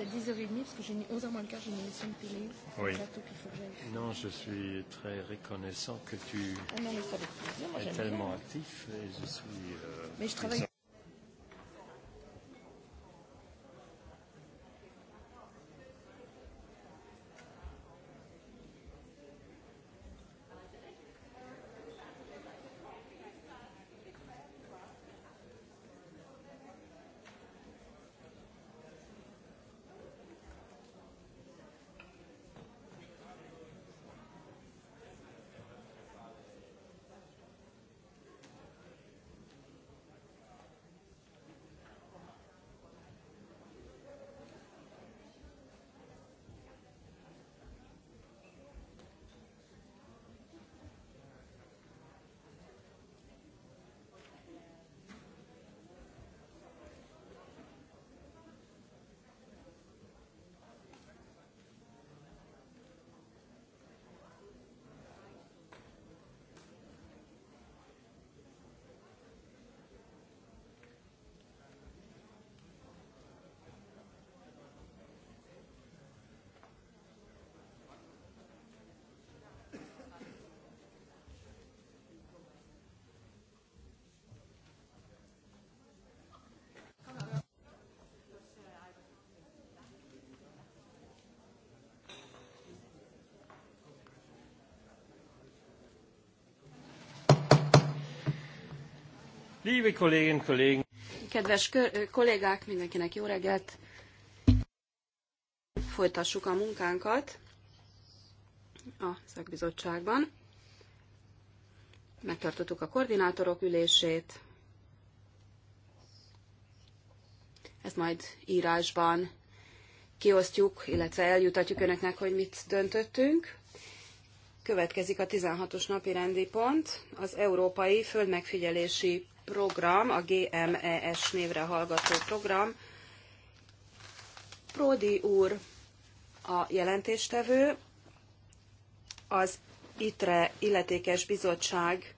à 10h30 parce que j'ai mis 11h moins le quart, j'ai une émission de télé. Oui. Plateau, il faut que non, je suis très reconnaissant que tu ah non, mais ça plaisir, moi, es tellement bien. actif et je suis. Euh, mais je travaille Liebe Kolleginnen, Kollegen! Kedves kollégák, mindenkinek jó reggelt! Folytassuk a munkánkat a szakbizottságban. Megtartottuk a koordinátorok ülését. Ezt majd írásban kiosztjuk, illetve eljutatjuk önöknek, hogy mit döntöttünk. Következik a 16-os napi rendi pont, az Európai Földmegfigyelési program, a GMES névre hallgató program. Prodi úr a jelentéstevő, az ITRE illetékes bizottság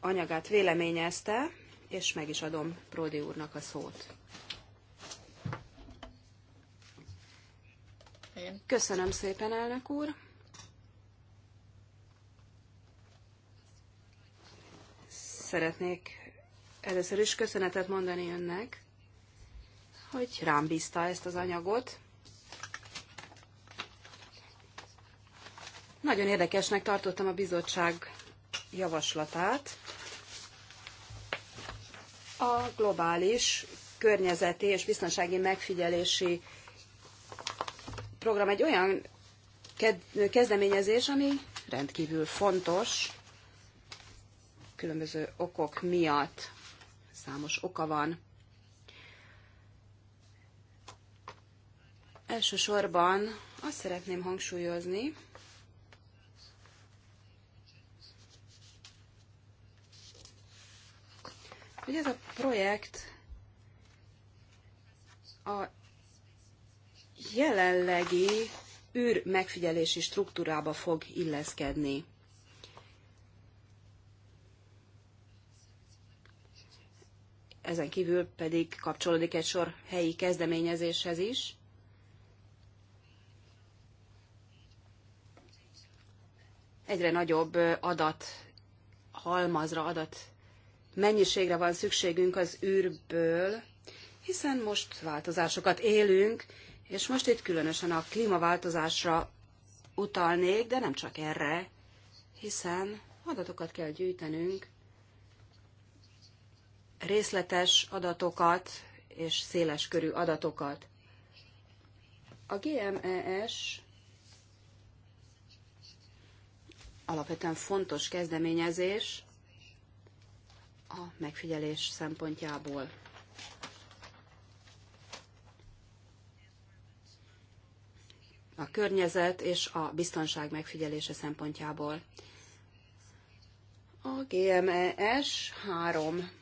anyagát véleményezte, és meg is adom Prodi úrnak a szót. Köszönöm szépen, elnök úr! szeretnék először is köszönetet mondani önnek, hogy rám bízta ezt az anyagot. Nagyon érdekesnek tartottam a bizottság javaslatát. A globális környezeti és biztonsági megfigyelési program egy olyan kezdeményezés, ami rendkívül fontos különböző okok miatt. Számos oka van. Elsősorban azt szeretném hangsúlyozni, hogy ez a projekt a jelenlegi űr megfigyelési struktúrába fog illeszkedni. ezen kívül pedig kapcsolódik egy sor helyi kezdeményezéshez is. Egyre nagyobb adat halmazra, adat mennyiségre van szükségünk az űrből, hiszen most változásokat élünk, és most itt különösen a klímaváltozásra utalnék, de nem csak erre, hiszen adatokat kell gyűjtenünk részletes adatokat és széleskörű adatokat. A GMES alapvetően fontos kezdeményezés a megfigyelés szempontjából. A környezet és a biztonság megfigyelése szempontjából. A GMES három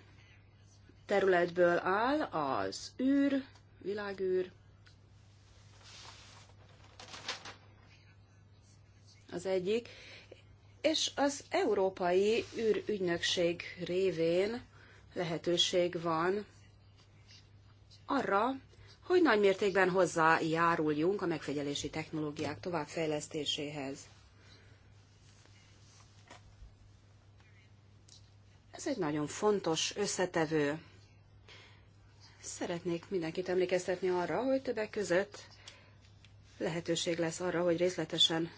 területből áll, az űr, világűr, az egyik, és az Európai űrügynökség révén lehetőség van arra, hogy nagy mértékben hozzájáruljunk a megfigyelési technológiák továbbfejlesztéséhez. Ez egy nagyon fontos összetevő. Szeretnék mindenkit emlékeztetni arra, hogy többek között lehetőség lesz arra, hogy részletesen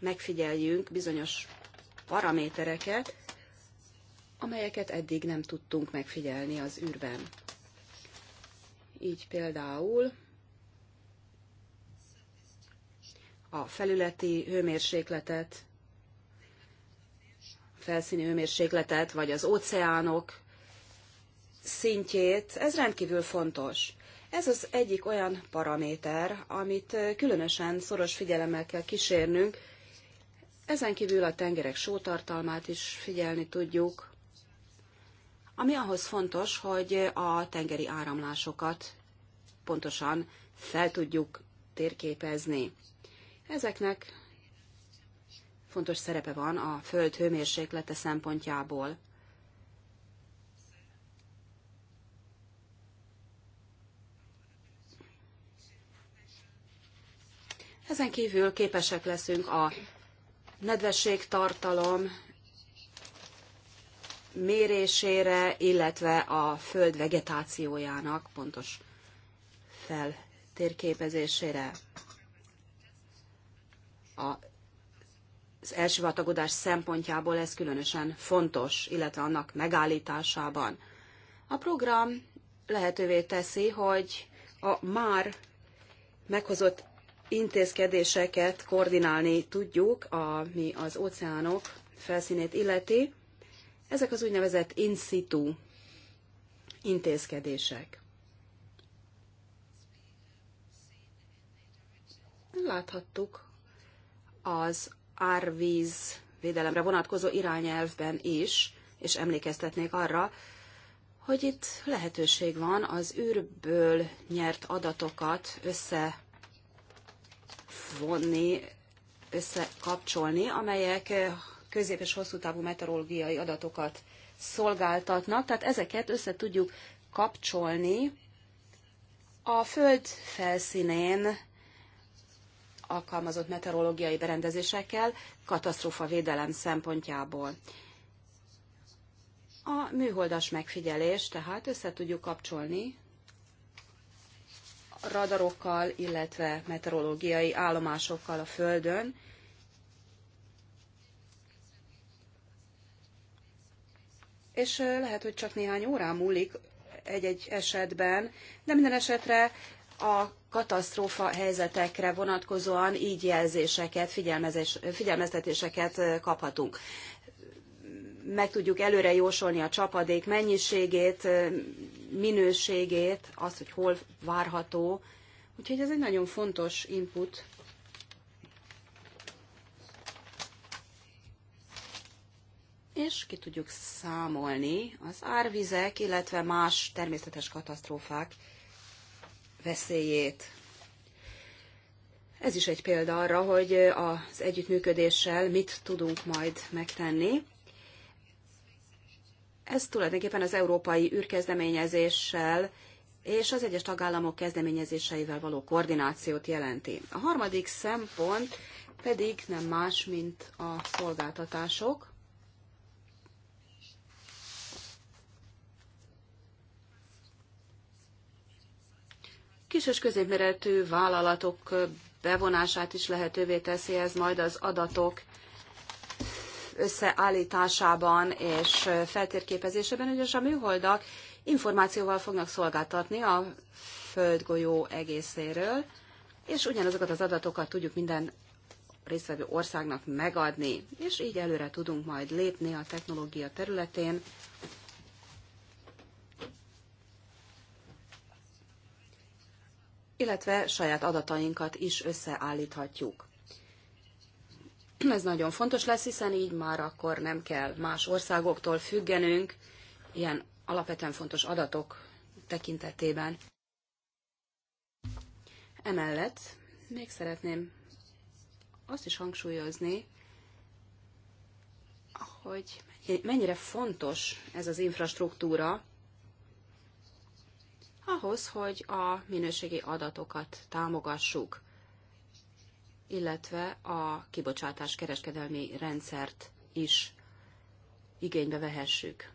megfigyeljünk bizonyos paramétereket, amelyeket eddig nem tudtunk megfigyelni az űrben. Így például a felületi hőmérsékletet, felszíni hőmérsékletet, vagy az óceánok szintjét, ez rendkívül fontos. Ez az egyik olyan paraméter, amit különösen szoros figyelemmel kell kísérnünk. Ezen kívül a tengerek sótartalmát is figyelni tudjuk, ami ahhoz fontos, hogy a tengeri áramlásokat pontosan fel tudjuk térképezni. Ezeknek fontos szerepe van a föld hőmérséklete szempontjából. Ezen kívül képesek leszünk a nedvességtartalom mérésére, illetve a föld vegetációjának pontos feltérképezésére. az elsivatagodás szempontjából ez különösen fontos, illetve annak megállításában. A program lehetővé teszi, hogy a már meghozott intézkedéseket koordinálni tudjuk, ami az óceánok felszínét illeti. Ezek az úgynevezett in situ intézkedések. Láthattuk az árvíz védelemre vonatkozó irányelvben is, és emlékeztetnék arra, hogy itt lehetőség van az űrből nyert adatokat össze vonni, összekapcsolni, amelyek eh, közép- és hosszú távú meteorológiai adatokat szolgáltatnak, tehát ezeket össze tudjuk kapcsolni a Föld felszínén alkalmazott meteorológiai berendezésekkel katasztrófa védelem szempontjából. A műholdas megfigyelés tehát össze tudjuk kapcsolni radarokkal, illetve meteorológiai állomásokkal a Földön. És lehet, hogy csak néhány órán múlik egy-egy esetben, de minden esetre a katasztrófa helyzetekre vonatkozóan így jelzéseket, figyelmeztetéseket kaphatunk meg tudjuk előre jósolni a csapadék mennyiségét, minőségét, azt, hogy hol várható. Úgyhogy ez egy nagyon fontos input. És ki tudjuk számolni az árvizek, illetve más természetes katasztrófák veszélyét. Ez is egy példa arra, hogy az együttműködéssel mit tudunk majd megtenni. Ez tulajdonképpen az európai űrkezdeményezéssel és az egyes tagállamok kezdeményezéseivel való koordinációt jelenti. A harmadik szempont pedig nem más, mint a szolgáltatások. Kis és középméretű vállalatok bevonását is lehetővé teszi ez majd az adatok összeállításában és feltérképezésében, ugyanis a műholdak információval fognak szolgáltatni a földgolyó egészéről, és ugyanazokat az adatokat tudjuk minden résztvevő országnak megadni, és így előre tudunk majd lépni a technológia területén. illetve saját adatainkat is összeállíthatjuk. Ez nagyon fontos lesz, hiszen így már akkor nem kell más országoktól függenünk ilyen alapvetően fontos adatok tekintetében. Emellett még szeretném azt is hangsúlyozni, hogy mennyire fontos ez az infrastruktúra ahhoz, hogy a minőségi adatokat támogassuk illetve a kibocsátás kereskedelmi rendszert is igénybe vehessük.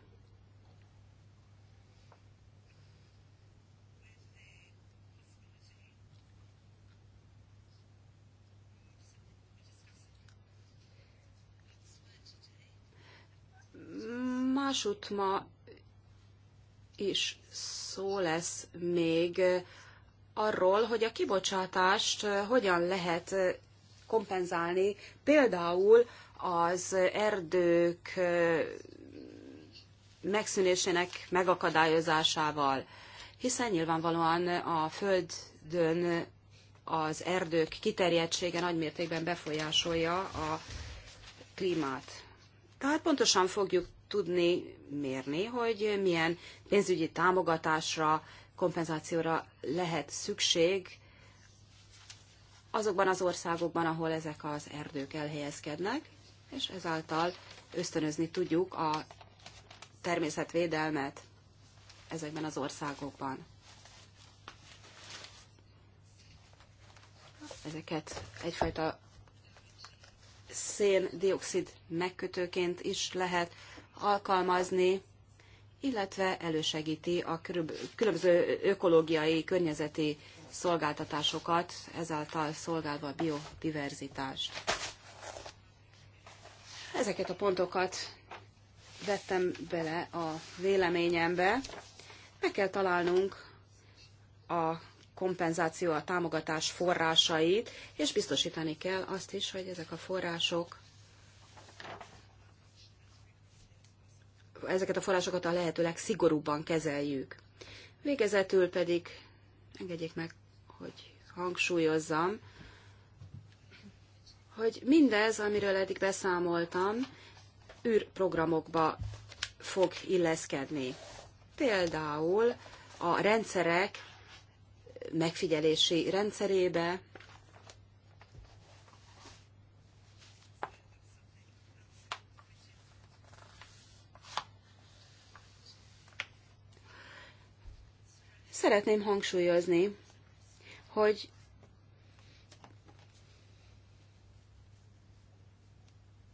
Másút ma is szó lesz még arról, hogy a kibocsátást hogyan lehet kompenzálni, például az erdők megszűnésének megakadályozásával, hiszen nyilvánvalóan a földön az erdők kiterjedtsége nagymértékben befolyásolja a klímát. Tehát pontosan fogjuk tudni mérni, hogy milyen pénzügyi támogatásra kompenzációra lehet szükség azokban az országokban, ahol ezek az erdők elhelyezkednek, és ezáltal ösztönözni tudjuk a természetvédelmet ezekben az országokban. Ezeket egyfajta széndiokszid megkötőként is lehet alkalmazni, illetve elősegíti a különböző ökológiai, környezeti szolgáltatásokat, ezáltal szolgálva a biodiverzitást. Ezeket a pontokat vettem bele a véleményembe. Meg kell találnunk a kompenzáció, a támogatás forrásait, és biztosítani kell azt is, hogy ezek a források ezeket a forrásokat a lehető legszigorúbban kezeljük. Végezetül pedig engedjék meg, hogy hangsúlyozzam, hogy mindez, amiről eddig beszámoltam, űrprogramokba fog illeszkedni. Például a rendszerek megfigyelési rendszerébe, szeretném hangsúlyozni, hogy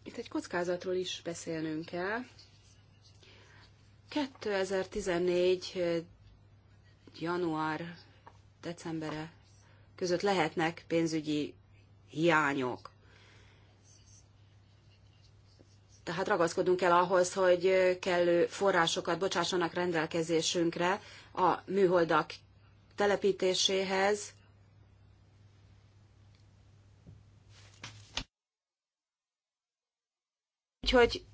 itt egy kockázatról is beszélnünk kell. 2014 január decembere között lehetnek pénzügyi hiányok. Tehát ragaszkodunk el ahhoz, hogy kellő forrásokat bocsássanak rendelkezésünkre, a műholdak telepítéséhez. Úgyhogy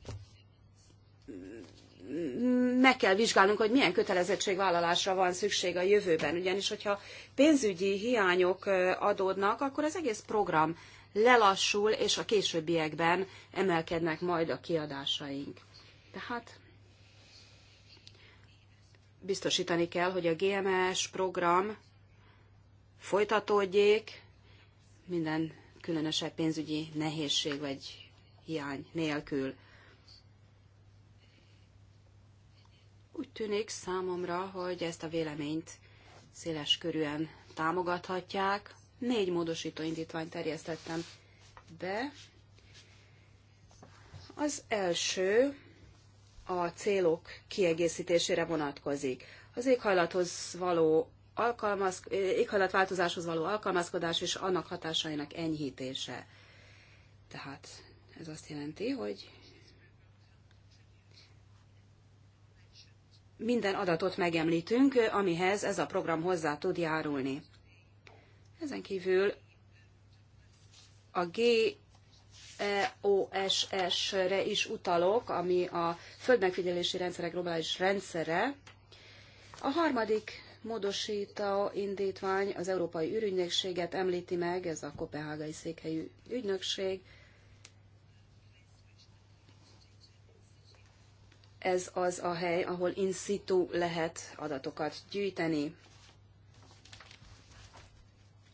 meg kell vizsgálnunk, hogy milyen kötelezettségvállalásra van szükség a jövőben. Ugyanis, hogyha pénzügyi hiányok adódnak, akkor az egész program lelassul, és a későbbiekben emelkednek majd a kiadásaink. Tehát biztosítani kell, hogy a GMS program folytatódjék minden különösebb pénzügyi nehézség vagy hiány nélkül. Úgy tűnik számomra, hogy ezt a véleményt széles körűen támogathatják. Négy módosító indítványt terjesztettem be. Az első a célok kiegészítésére vonatkozik. Az éghajlathoz való alkalmaz, éghajlatváltozáshoz való alkalmazkodás és annak hatásainak enyhítése. Tehát ez azt jelenti, hogy minden adatot megemlítünk, amihez ez a program hozzá tud járulni. Ezen kívül a G EOSS-re is utalok, ami a földmegfigyelési rendszerek globális rendszere. A harmadik módosító indítvány az Európai Ürügynökséget említi meg, ez a kopenhágai székhelyű ügynökség. Ez az a hely, ahol in situ lehet adatokat gyűjteni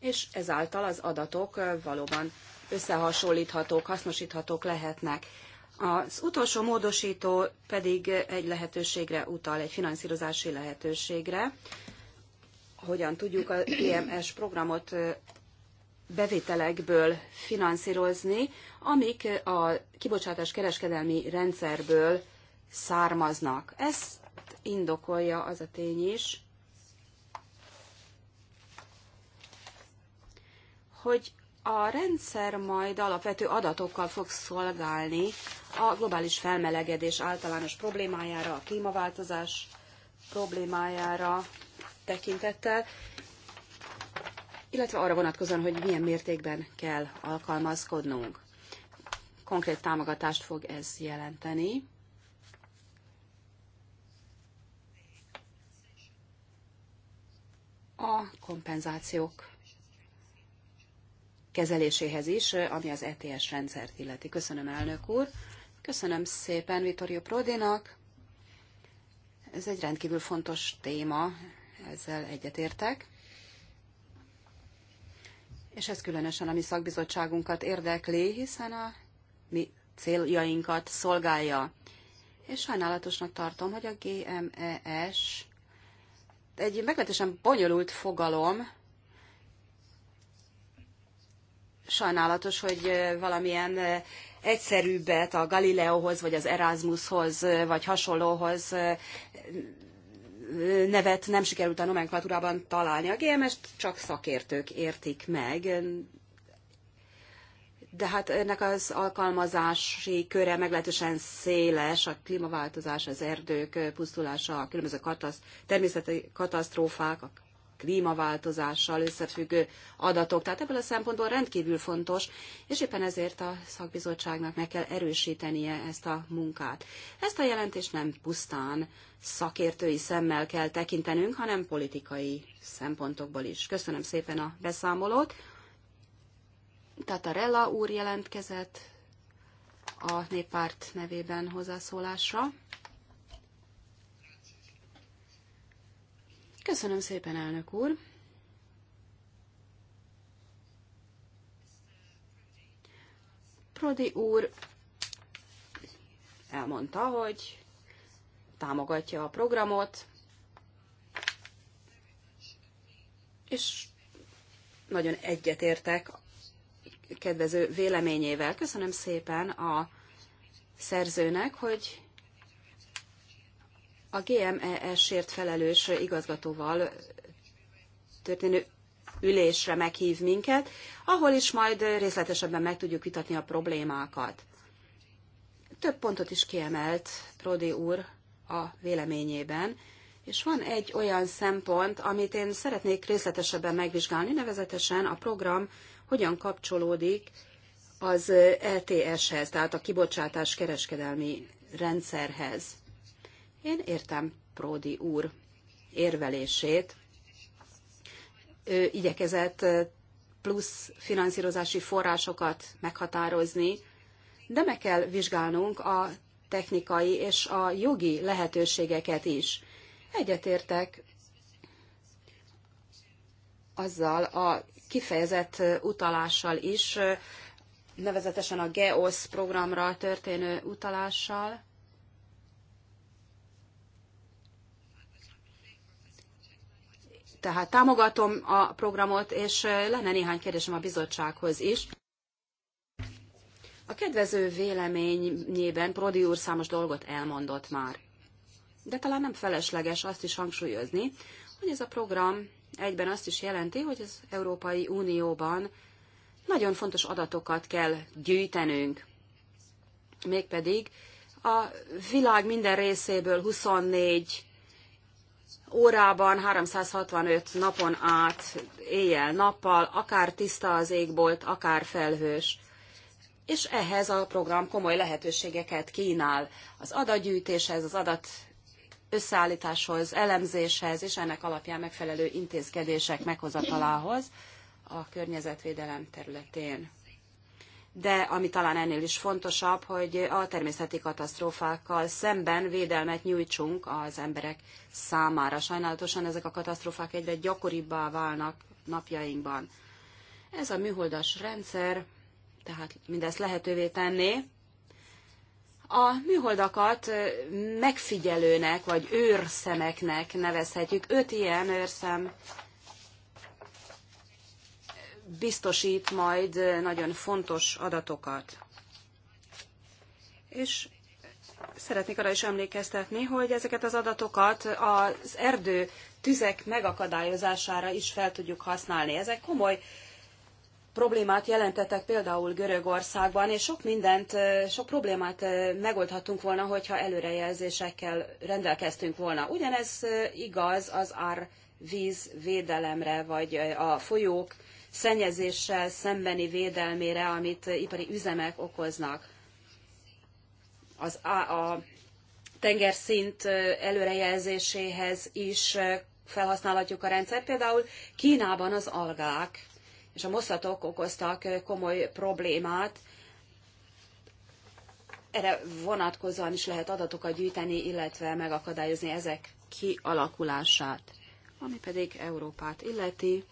és ezáltal az adatok valóban összehasonlíthatók, hasznosíthatók lehetnek. Az utolsó módosító pedig egy lehetőségre utal, egy finanszírozási lehetőségre, hogyan tudjuk a IMS programot bevételekből finanszírozni, amik a kibocsátás kereskedelmi rendszerből származnak. Ezt indokolja az a tény is, hogy a rendszer majd alapvető adatokkal fog szolgálni a globális felmelegedés általános problémájára, a klímaváltozás problémájára tekintettel, illetve arra vonatkozóan, hogy milyen mértékben kell alkalmazkodnunk. Konkrét támogatást fog ez jelenteni. A kompenzációk kezeléséhez is, ami az ETS rendszert illeti. Köszönöm, elnök úr. Köszönöm szépen Vittorio Prodinak. Ez egy rendkívül fontos téma, ezzel egyetértek. És ez különösen a mi szakbizottságunkat érdekli, hiszen a mi céljainkat szolgálja. És sajnálatosnak tartom, hogy a GMES egy meglehetősen bonyolult fogalom, sajnálatos, hogy valamilyen egyszerűbbet a Galileohoz, vagy az Erasmushoz, vagy hasonlóhoz nevet nem sikerült a nomenklatúrában találni. A GMS-t csak szakértők értik meg, de hát ennek az alkalmazási köre meglehetősen széles, a klímaváltozás, az erdők pusztulása, a különböző katasz, természeti katasztrófák, a klímaváltozással összefüggő adatok. Tehát ebből a szempontból rendkívül fontos, és éppen ezért a szakbizottságnak meg kell erősítenie ezt a munkát. Ezt a jelentést nem pusztán szakértői szemmel kell tekintenünk, hanem politikai szempontokból is. Köszönöm szépen a beszámolót. Tatarella úr jelentkezett a néppárt nevében hozzászólásra. Köszönöm szépen, elnök úr. Prodi úr elmondta, hogy támogatja a programot, és nagyon egyetértek kedvező véleményével. Köszönöm szépen a szerzőnek, hogy a GMES-ért felelős igazgatóval történő ülésre meghív minket, ahol is majd részletesebben meg tudjuk vitatni a problémákat. Több pontot is kiemelt Prodi úr a véleményében, és van egy olyan szempont, amit én szeretnék részletesebben megvizsgálni, nevezetesen a program hogyan kapcsolódik az ETS-hez, tehát a kibocsátás kereskedelmi rendszerhez. Én értem Pródi úr érvelését. Ő igyekezett plusz finanszírozási forrásokat meghatározni, de meg kell vizsgálnunk a technikai és a jogi lehetőségeket is. Egyetértek azzal a kifejezett utalással is, nevezetesen a GEOS programra történő utalással, Tehát támogatom a programot, és lenne néhány kérdésem a bizottsághoz is. A kedvező véleményében Prodi úr számos dolgot elmondott már. De talán nem felesleges azt is hangsúlyozni, hogy ez a program egyben azt is jelenti, hogy az Európai Unióban nagyon fontos adatokat kell gyűjtenünk. Mégpedig a világ minden részéből 24 órában, 365 napon át, éjjel-nappal, akár tiszta az égbolt, akár felhős. És ehhez a program komoly lehetőségeket kínál az adatgyűjtéshez, az adat összeállításhoz, elemzéshez, és ennek alapján megfelelő intézkedések meghozatalához a környezetvédelem területén de ami talán ennél is fontosabb, hogy a természeti katasztrófákkal szemben védelmet nyújtsunk az emberek számára. Sajnálatosan ezek a katasztrófák egyre gyakoribbá válnak napjainkban. Ez a műholdas rendszer, tehát mindezt lehetővé tenné, a műholdakat megfigyelőnek, vagy őrszemeknek nevezhetjük. Öt ilyen őrszem biztosít majd nagyon fontos adatokat. És szeretnék arra is emlékeztetni, hogy ezeket az adatokat az erdő tüzek megakadályozására is fel tudjuk használni. Ezek komoly problémát jelentettek például Görögországban, és sok mindent, sok problémát megoldhattunk volna, hogyha előrejelzésekkel rendelkeztünk volna. Ugyanez igaz az árvízvédelemre, védelemre, vagy a folyók szennyezéssel szembeni védelmére, amit ipari üzemek okoznak. Az a, a tengerszint előrejelzéséhez is felhasználhatjuk a rendszert. Például Kínában az algák és a moszatok okoztak komoly problémát. Erre vonatkozóan is lehet adatokat gyűjteni, illetve megakadályozni ezek kialakulását. Ami pedig Európát illeti,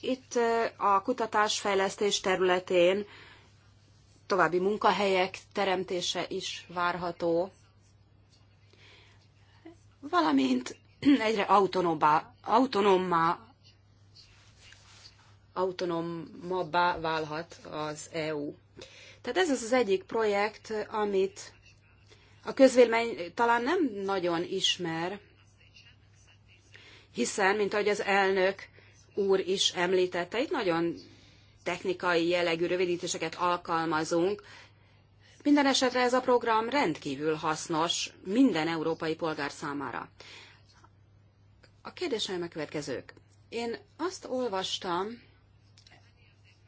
itt a kutatásfejlesztés területén további munkahelyek teremtése is várható, valamint egyre autonóbbá, autonómmá, autonómabbá válhat az EU. Tehát ez az az egyik projekt, amit a közvélemény talán nem nagyon ismer, hiszen, mint ahogy az elnök úr is említette, itt nagyon technikai jellegű rövidítéseket alkalmazunk. Minden esetre ez a program rendkívül hasznos minden európai polgár számára. A kérdéseim a következők. Én azt olvastam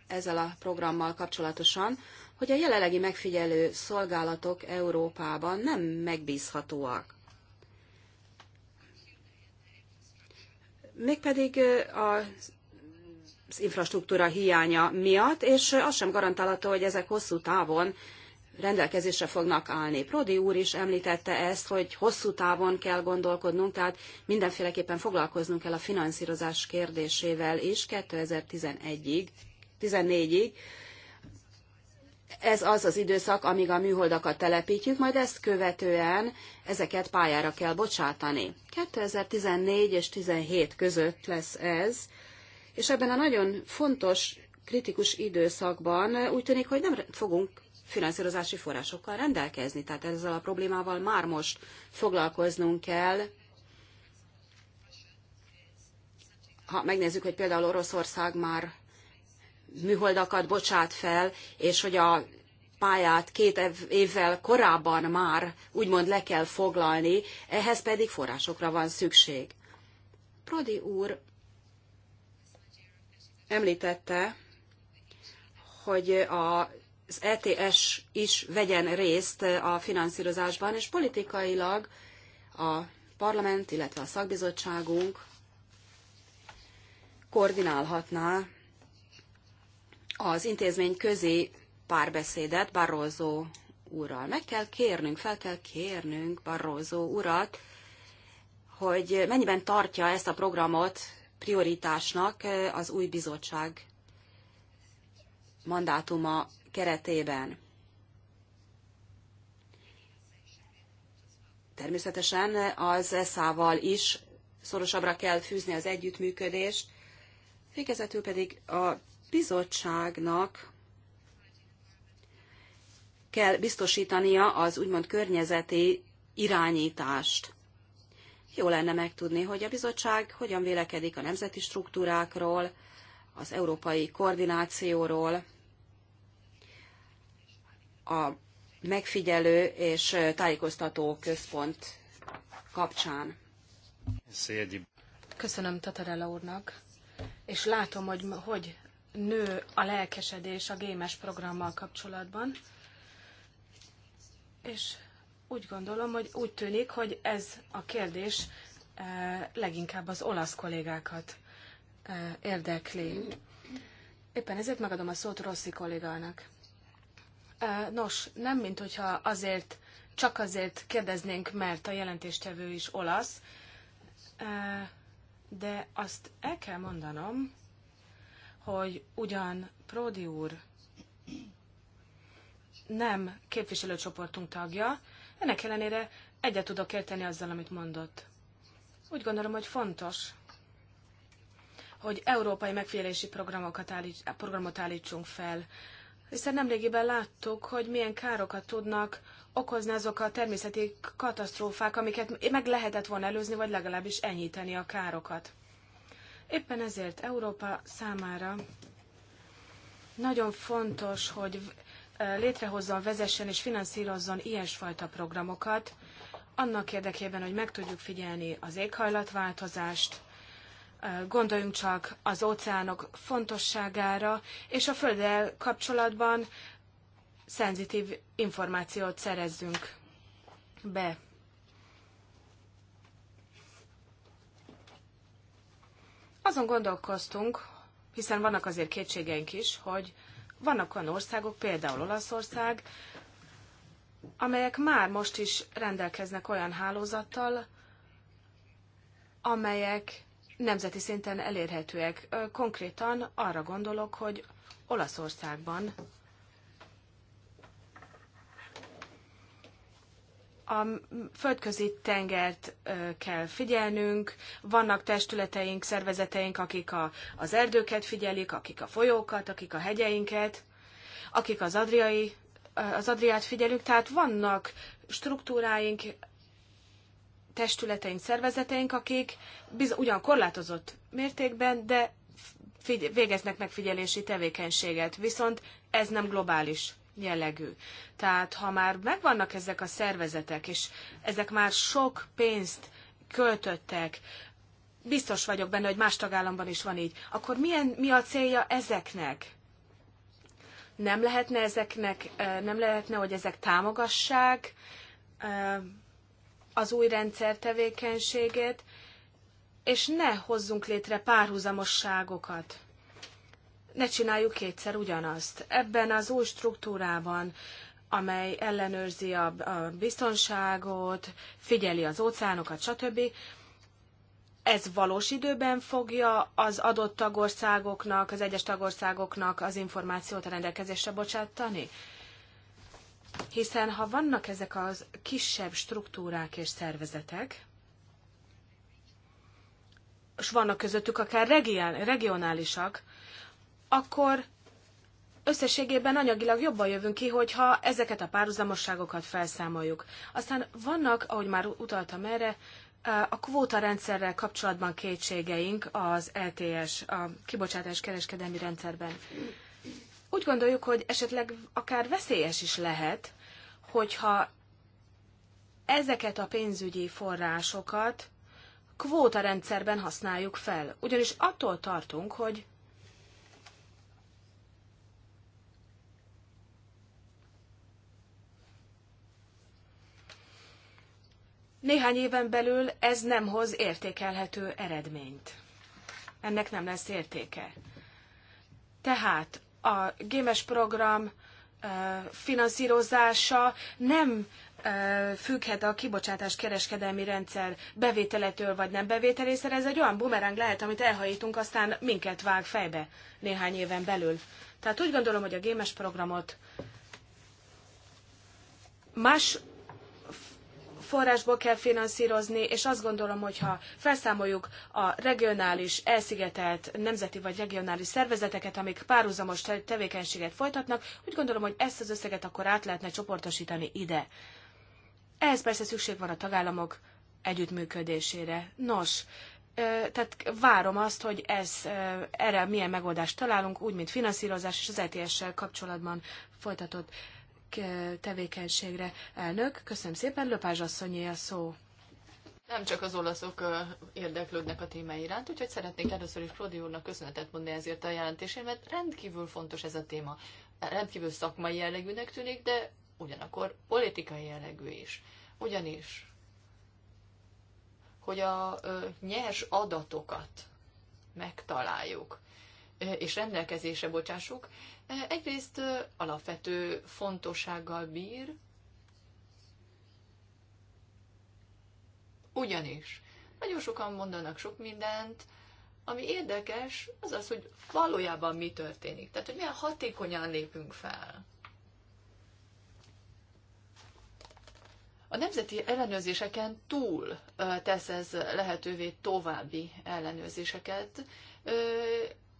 ezzel a programmal kapcsolatosan, hogy a jelenlegi megfigyelő szolgálatok Európában nem megbízhatóak. mégpedig az infrastruktúra hiánya miatt, és az sem garantálható, hogy ezek hosszú távon rendelkezésre fognak állni. Prodi úr is említette ezt, hogy hosszú távon kell gondolkodnunk, tehát mindenféleképpen foglalkoznunk kell a finanszírozás kérdésével is 2011-ig, 14-ig, ez az az időszak, amíg a műholdakat telepítjük, majd ezt követően ezeket pályára kell bocsátani. 2014 és 17 között lesz ez, és ebben a nagyon fontos, kritikus időszakban úgy tűnik, hogy nem fogunk finanszírozási forrásokkal rendelkezni. Tehát ezzel a problémával már most foglalkoznunk kell. Ha megnézzük, hogy például Oroszország már műholdakat bocsát fel, és hogy a pályát két évvel korábban már úgymond le kell foglalni, ehhez pedig forrásokra van szükség. Prodi úr említette, hogy az ETS is vegyen részt a finanszírozásban, és politikailag a parlament, illetve a szakbizottságunk koordinálhatná az intézmény közé párbeszédet Barroso úrral. Meg kell kérnünk, fel kell kérnünk Barroso urat, hogy mennyiben tartja ezt a programot prioritásnak eh, az új bizottság mandátuma keretében. Természetesen az ESZÁ-val is szorosabbra kell fűzni az együttműködést, végezetül pedig a bizottságnak kell biztosítania az úgymond környezeti irányítást. Jó lenne megtudni, hogy a bizottság hogyan vélekedik a nemzeti struktúrákról, az európai koordinációról, a megfigyelő és tájékoztató központ kapcsán. Köszönöm Tatarella úrnak, és látom, hogy hogy nő a lelkesedés a gémes programmal kapcsolatban, és úgy gondolom, hogy úgy tűnik, hogy ez a kérdés eh, leginkább az olasz kollégákat eh, érdekli. Éppen ezért megadom a szót Rossi kollégának. Eh, nos, nem mint hogyha azért, csak azért kérdeznénk, mert a jelentéstevő is olasz, de azt el kell mondanom, hogy ugyan Pródi úr nem képviselőcsoportunk tagja, ennek ellenére egyet tudok érteni azzal, amit mondott. Úgy gondolom, hogy fontos, hogy európai megfigyelési programokat állíts, programot állítsunk fel, hiszen nemrégiben láttuk, hogy milyen károkat tudnak okozni azok a természeti katasztrófák, amiket meg lehetett volna előzni, vagy legalábbis enyhíteni a károkat. Éppen ezért Európa számára nagyon fontos, hogy létrehozzon, vezessen és finanszírozzon ilyesfajta programokat, annak érdekében, hogy meg tudjuk figyelni az éghajlatváltozást, gondoljunk csak az óceánok fontosságára, és a Földdel kapcsolatban szenzitív információt szerezzünk be. Azon gondolkoztunk, hiszen vannak azért kétségeink is, hogy vannak olyan országok, például Olaszország, amelyek már most is rendelkeznek olyan hálózattal, amelyek nemzeti szinten elérhetőek. Konkrétan arra gondolok, hogy Olaszországban a földközi tengert kell figyelnünk, vannak testületeink, szervezeteink, akik a, az erdőket figyelik, akik a folyókat, akik a hegyeinket, akik az, adriai, az Adriát figyelik, tehát vannak struktúráink, testületeink, szervezeteink, akik biz, ugyan korlátozott mértékben, de figy, végeznek megfigyelési tevékenységet, viszont ez nem globális jellegű. Tehát ha már megvannak ezek a szervezetek, és ezek már sok pénzt költöttek, biztos vagyok benne, hogy más tagállamban is van így, akkor milyen, mi a célja ezeknek? Nem lehetne ezeknek, nem lehetne, hogy ezek támogassák az új rendszer tevékenységét, és ne hozzunk létre párhuzamosságokat ne csináljuk kétszer ugyanazt. Ebben az új struktúrában, amely ellenőrzi a, a biztonságot, figyeli az óceánokat, stb., ez valós időben fogja az adott tagországoknak, az egyes tagországoknak az információt a rendelkezésre bocsátani? Hiszen ha vannak ezek az kisebb struktúrák és szervezetek, és vannak közöttük akár regionálisak, akkor összességében anyagilag jobban jövünk ki, hogyha ezeket a párhuzamosságokat felszámoljuk. Aztán vannak, ahogy már utaltam erre, a kvóta rendszerrel kapcsolatban kétségeink az ETS, a kibocsátás kereskedelmi rendszerben. Úgy gondoljuk, hogy esetleg akár veszélyes is lehet, hogyha ezeket a pénzügyi forrásokat kvóta rendszerben használjuk fel. Ugyanis attól tartunk, hogy Néhány éven belül ez nem hoz értékelhető eredményt. Ennek nem lesz értéke. Tehát a gémes program finanszírozása nem függhet a kibocsátás kereskedelmi rendszer bevételetől vagy nem bevételészer. Ez egy olyan bumerang lehet, amit elhajítunk, aztán minket vág fejbe néhány éven belül. Tehát úgy gondolom, hogy a gémes programot más forrásból kell finanszírozni, és azt gondolom, hogy ha felszámoljuk a regionális, elszigetelt nemzeti vagy regionális szervezeteket, amik párhuzamos tevékenységet folytatnak, úgy gondolom, hogy ezt az összeget akkor át lehetne csoportosítani ide. Ehhez persze szükség van a tagállamok együttműködésére. Nos, tehát várom azt, hogy ez, erre milyen megoldást találunk, úgy, mint finanszírozás és az ETS-sel kapcsolatban folytatott tevékenységre. Elnök, köszönöm szépen, Löpázs asszonyé a szó. Nem csak az olaszok érdeklődnek a téma iránt, úgyhogy szeretnék először is Prodi úrnak köszönetet mondani ezért a jelentésért, mert rendkívül fontos ez a téma. Rendkívül szakmai jellegűnek tűnik, de ugyanakkor politikai jellegű is. Ugyanis, hogy a ö, nyers adatokat megtaláljuk, és rendelkezésre bocsássuk, e, egyrészt e, alapvető fontossággal bír, ugyanis nagyon sokan mondanak sok mindent, ami érdekes, az az, hogy valójában mi történik. Tehát, hogy milyen hatékonyan lépünk fel. A nemzeti ellenőrzéseken túl e, tesz ez lehetővé további ellenőrzéseket,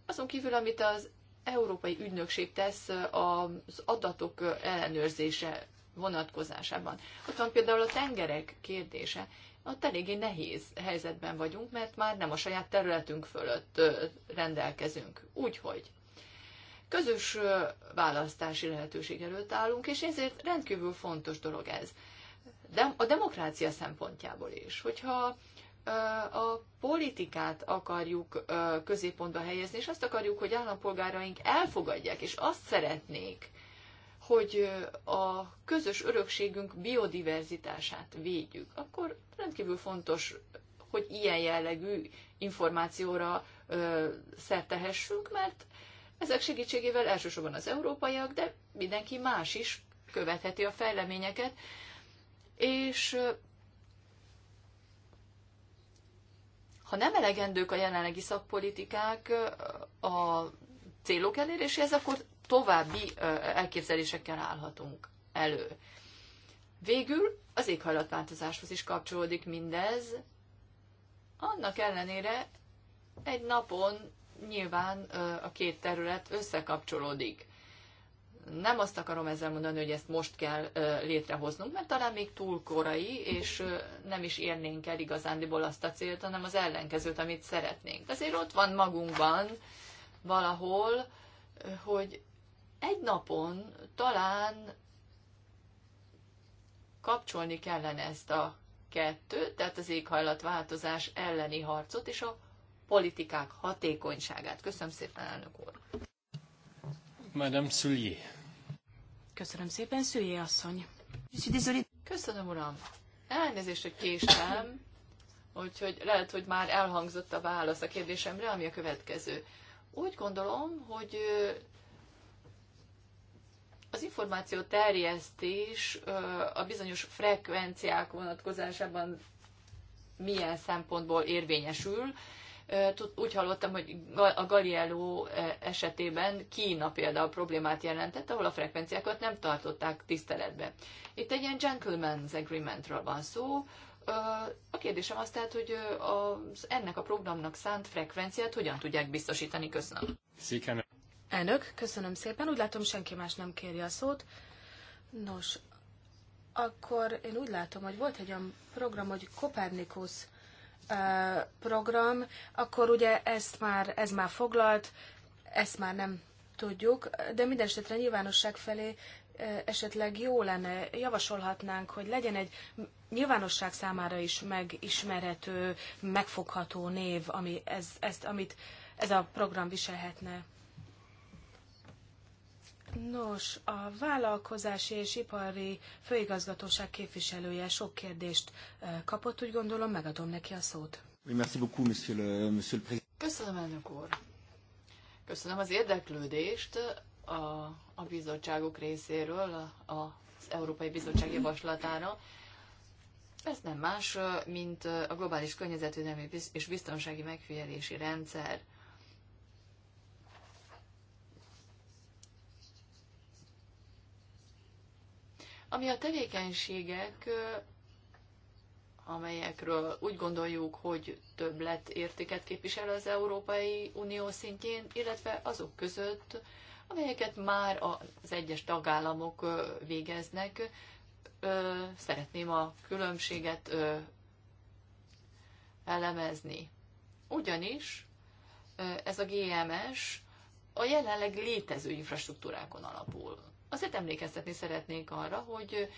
azon kívül, amit az Európai Ügynökség tesz az adatok ellenőrzése vonatkozásában. Ott van például a tengerek kérdése. Ott eléggé nehéz helyzetben vagyunk, mert már nem a saját területünk fölött rendelkezünk. Úgyhogy közös választási lehetőség előtt állunk, és ezért rendkívül fontos dolog ez. De a demokrácia szempontjából is, hogyha a politikát akarjuk középpontba helyezni, és azt akarjuk, hogy állampolgáraink elfogadják, és azt szeretnék, hogy a közös örökségünk biodiverzitását védjük, akkor rendkívül fontos, hogy ilyen jellegű információra szertehessünk, mert ezek segítségével elsősorban az európaiak, de mindenki más is követheti a fejleményeket, és Ha nem elegendők a jelenlegi szakpolitikák a célok eléréséhez, akkor további elképzelésekkel állhatunk elő. Végül az éghajlatváltozáshoz is kapcsolódik mindez. Annak ellenére egy napon nyilván a két terület összekapcsolódik nem azt akarom ezzel mondani, hogy ezt most kell létrehoznunk, mert talán még túl korai, és nem is érnénk el igazándiból azt a célt, hanem az ellenkezőt, amit szeretnénk. Azért ott van magunkban valahol, hogy egy napon talán kapcsolni kellene ezt a kettőt, tehát az éghajlatváltozás elleni harcot és a politikák hatékonyságát. Köszönöm szépen, elnök úr! Madame Soulier. Köszönöm szépen, Szüljé asszony. Köszönöm, uram. Elnézést, hogy késtem, úgyhogy lehet, hogy már elhangzott a válasz a kérdésemre, ami a következő. Úgy gondolom, hogy az információ terjesztés a bizonyos frekvenciák vonatkozásában milyen szempontból érvényesül, úgy hallottam, hogy a Galileo esetében Kína például problémát jelentett, ahol a frekvenciákat nem tartották tiszteletbe. Itt egy ilyen gentleman's agreementről van szó. A kérdésem az tehát, hogy az, ennek a programnak szánt frekvenciát hogyan tudják biztosítani? Köszönöm. Szíken. Elnök, köszönöm szépen. Úgy látom, senki más nem kéri a szót. Nos, akkor én úgy látom, hogy volt egy olyan program, hogy Kopernikus program, akkor ugye ezt már, ez már foglalt, ezt már nem tudjuk, de minden esetre nyilvánosság felé esetleg jó lenne, javasolhatnánk, hogy legyen egy nyilvánosság számára is megismerhető, megfogható név, ami ez, ezt, amit ez a program viselhetne. Nos, a vállalkozási és ipari főigazgatóság képviselője sok kérdést eh, kapott, úgy gondolom, megadom neki a szót. Köszönöm, elnök úr. Köszönöm az érdeklődést a, a bizottságok részéről a, az Európai Bizottság javaslatára. Ez nem más, mint a globális környezetvédelmi és biztonsági megfigyelési rendszer. Ami a tevékenységek, amelyekről úgy gondoljuk, hogy több lett értéket képvisel az Európai Unió szintjén, illetve azok között, amelyeket már az egyes tagállamok végeznek. Szeretném a különbséget elemezni. Ugyanis ez a GMS a jelenleg létező infrastruktúrákon alapul. Azért emlékeztetni szeretnék arra, hogy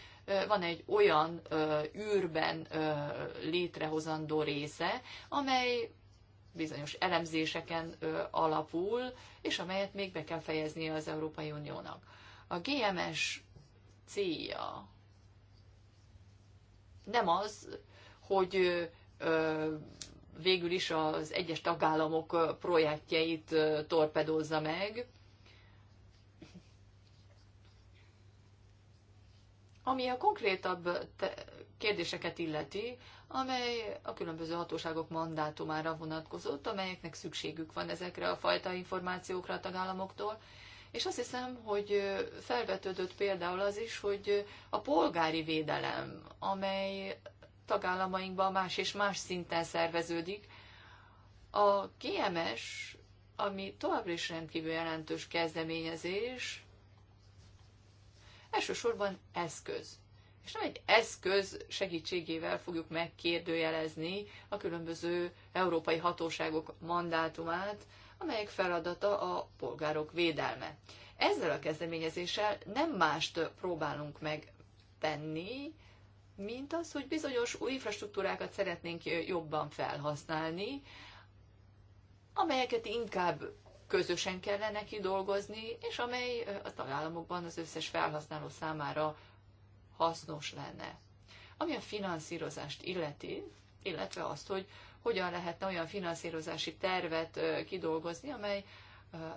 van egy olyan űrben létrehozandó része, amely bizonyos elemzéseken alapul, és amelyet még be kell fejeznie az Európai Uniónak. A GMS célja nem az, hogy végül is az egyes tagállamok projektjeit torpedózza meg, Ami a konkrétabb kérdéseket illeti, amely a különböző hatóságok mandátumára vonatkozott, amelyeknek szükségük van ezekre a fajta információkra a tagállamoktól, és azt hiszem, hogy felvetődött például az is, hogy a polgári védelem, amely tagállamainkban más és más szinten szerveződik, a KMS, ami továbbra is rendkívül jelentős kezdeményezés, elsősorban eszköz. És nem egy eszköz segítségével fogjuk megkérdőjelezni a különböző európai hatóságok mandátumát, amelyek feladata a polgárok védelme. Ezzel a kezdeményezéssel nem mást próbálunk meg tenni, mint az, hogy bizonyos új infrastruktúrákat szeretnénk jobban felhasználni, amelyeket inkább közösen kellene kidolgozni, és amely a tagállamokban az összes felhasználó számára hasznos lenne. Ami a finanszírozást illeti, illetve azt, hogy hogyan lehetne olyan finanszírozási tervet kidolgozni, amely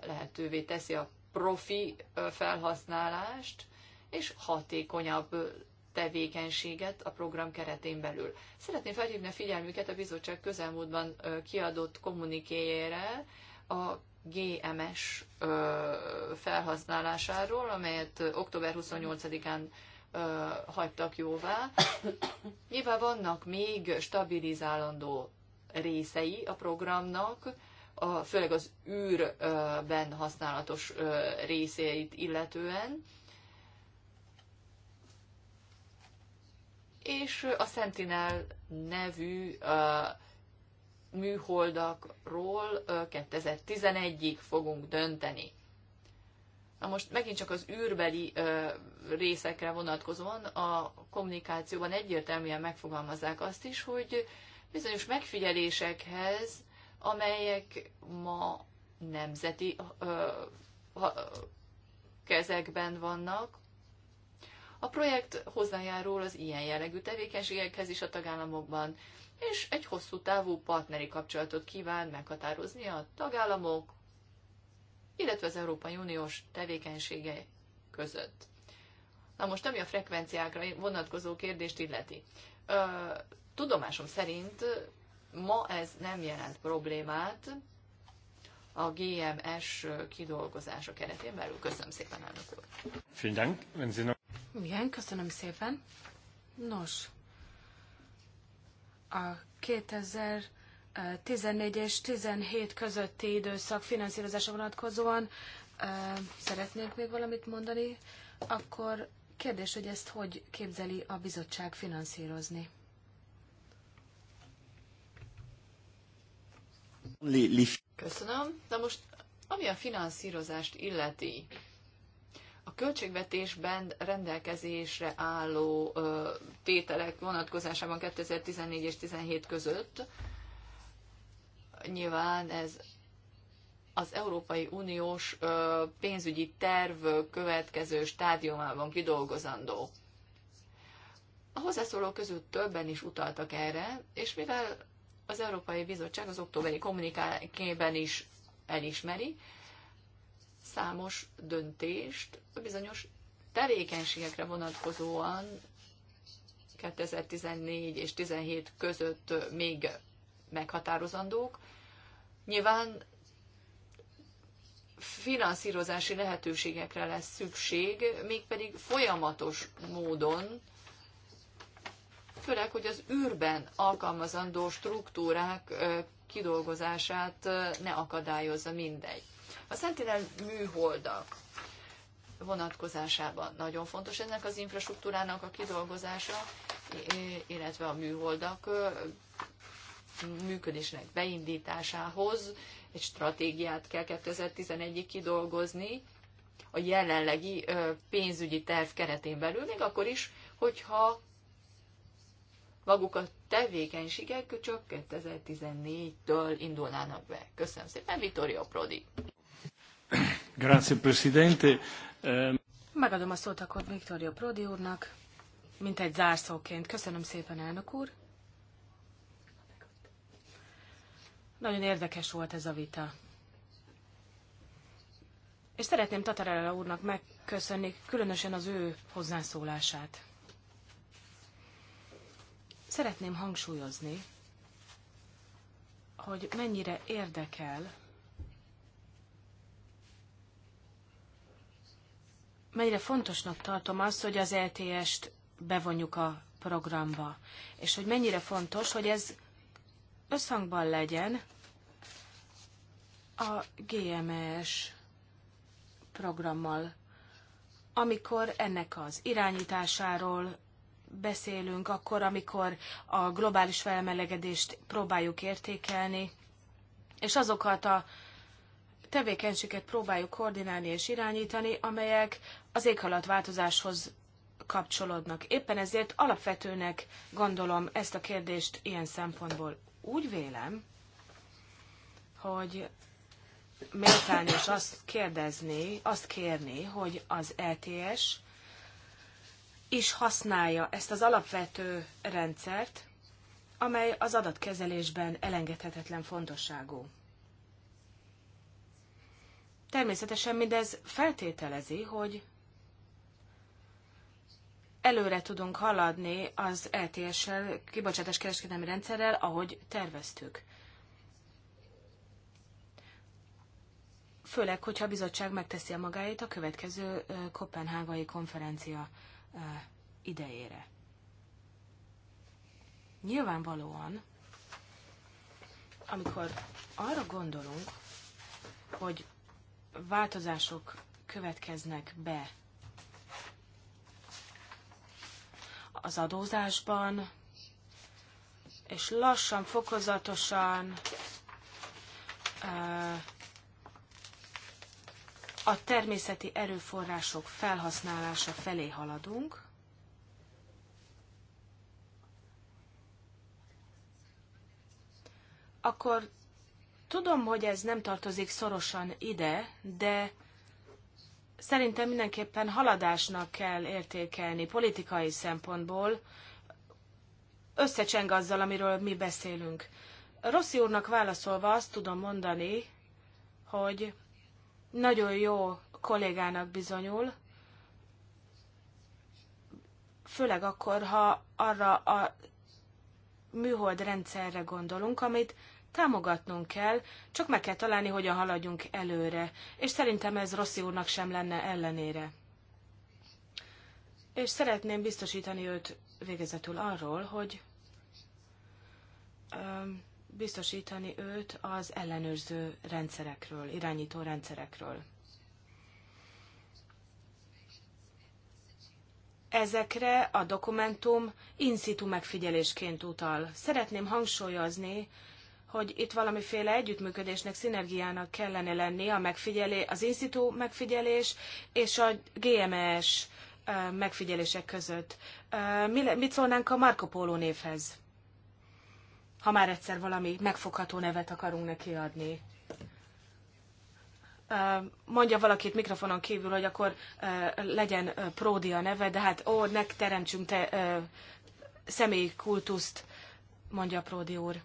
lehetővé teszi a profi felhasználást és hatékonyabb tevékenységet a program keretén belül. Szeretném felhívni a figyelmüket a bizottság közelmúltban kiadott kommunikéjére a GMS felhasználásáról, amelyet október 28-án hagytak jóvá. Nyilván vannak még stabilizálandó részei a programnak, a, főleg az űrben használatos részeit illetően. És a Sentinel nevű ö, műholdakról 2011-ig fogunk dönteni. Na most megint csak az űrbeli ö, részekre vonatkozóan a kommunikációban egyértelműen megfogalmazzák azt is, hogy bizonyos megfigyelésekhez, amelyek ma nemzeti ö, ha, kezekben vannak, a projekt hozzájárul az ilyen jellegű tevékenységekhez is a tagállamokban, és egy hosszú távú partneri kapcsolatot kíván meghatározni a tagállamok, illetve az Európai Uniós tevékenysége között. Na most, ami a frekvenciákra vonatkozó kérdést illeti. Ö, tudomásom szerint ma ez nem jelent problémát a GMS kidolgozása keretén belül. Köszönöm szépen, elnök úr. Igen, köszönöm szépen. Nos, a 2014 és 17 közötti időszak finanszírozása vonatkozóan szeretnék még valamit mondani, akkor kérdés, hogy ezt hogy képzeli a bizottság finanszírozni? Köszönöm. Na most, ami a finanszírozást illeti, a költségvetésben rendelkezésre álló tételek vonatkozásában 2014 és 2017 között nyilván ez az Európai Uniós pénzügyi terv következő stádiumában kidolgozandó. A hozzászólók közül többen is utaltak erre, és mivel az Európai Bizottság az októberi kommunikációban is elismeri, számos döntést bizonyos tevékenységekre vonatkozóan 2014 és 17 között még meghatározandók. Nyilván finanszírozási lehetőségekre lesz szükség, mégpedig folyamatos módon, főleg, hogy az űrben alkalmazandó struktúrák kidolgozását ne akadályozza mindegy. A Sentinel műholdak vonatkozásában nagyon fontos ennek az infrastruktúrának a kidolgozása, illetve a műholdak működésnek beindításához egy stratégiát kell 2011-ig kidolgozni a jelenlegi pénzügyi terv keretén belül, még akkor is, hogyha maguk a tevékenységek csak 2014-től indulnának be. Köszönöm szépen, Vittorio Prodi! Ehm, Megadom a szót akkor Viktorio Prodi úrnak, mint egy zárszóként. Köszönöm szépen, elnök úr. Nagyon érdekes volt ez a vita. És szeretném Tatarella úrnak megköszönni különösen az ő hozzászólását. Szeretném hangsúlyozni, hogy mennyire érdekel mennyire fontosnak tartom azt, hogy az LTS-t bevonjuk a programba, és hogy mennyire fontos, hogy ez összhangban legyen a GMS programmal, amikor ennek az irányításáról beszélünk, akkor, amikor a globális felmelegedést próbáljuk értékelni, és azokat a tevékenységet próbáljuk koordinálni és irányítani, amelyek az éghajlatváltozáshoz kapcsolódnak. Éppen ezért alapvetőnek gondolom ezt a kérdést ilyen szempontból. Úgy vélem, hogy méltányos azt kérdezni, azt kérni, hogy az ETS is használja ezt az alapvető rendszert, amely az adatkezelésben elengedhetetlen fontosságú. Természetesen mindez feltételezi, hogy előre tudunk haladni az LTS-sel, e kibocsátás kereskedelmi rendszerrel, ahogy terveztük. Főleg, hogyha a bizottság megteszi a magáét a következő kopenhágai konferencia idejére. Nyilvánvalóan, amikor arra gondolunk, hogy változások következnek be az adózásban, és lassan, fokozatosan a természeti erőforrások felhasználása felé haladunk, akkor Tudom, hogy ez nem tartozik szorosan ide, de szerintem mindenképpen haladásnak kell értékelni politikai szempontból, összecseng azzal, amiről mi beszélünk. Rossi úrnak válaszolva azt tudom mondani, hogy nagyon jó kollégának bizonyul, főleg akkor, ha arra a műhold rendszerre gondolunk, amit támogatnunk kell, csak meg kell találni, hogyan haladjunk előre. És szerintem ez Rossi úrnak sem lenne ellenére. És szeretném biztosítani őt végezetül arról, hogy biztosítani őt az ellenőrző rendszerekről, irányító rendszerekről. Ezekre a dokumentum in situ megfigyelésként utal. Szeretném hangsúlyozni, hogy itt valamiféle együttműködésnek, szinergiának kellene lenni a megfigyelé, az institú megfigyelés és a GMS megfigyelések között. Mit szólnánk a Marco Polo névhez? Ha már egyszer valami megfogható nevet akarunk neki adni. Mondja valakit mikrofonon kívül, hogy akkor legyen Pródi a neve, de hát ó, ne teremtsünk te személyi kultuszt, mondja Pródi úr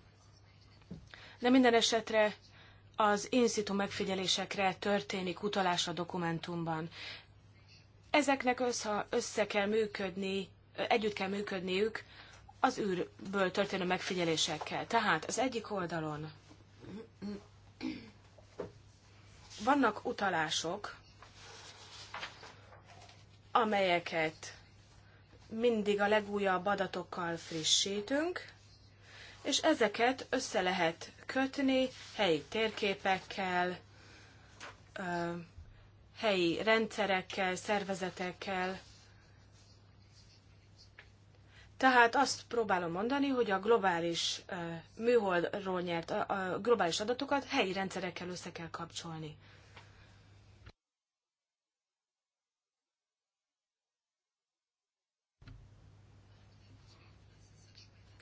de minden esetre az in situ megfigyelésekre történik utalás a dokumentumban. Ezeknek össze, össze kell működni, együtt kell működniük az űrből történő megfigyelésekkel. Tehát az egyik oldalon vannak utalások, amelyeket mindig a legújabb adatokkal frissítünk, és ezeket össze lehet kötni, helyi térképekkel, helyi rendszerekkel, szervezetekkel. Tehát azt próbálom mondani, hogy a globális műholdról nyert a globális adatokat helyi rendszerekkel össze kell kapcsolni.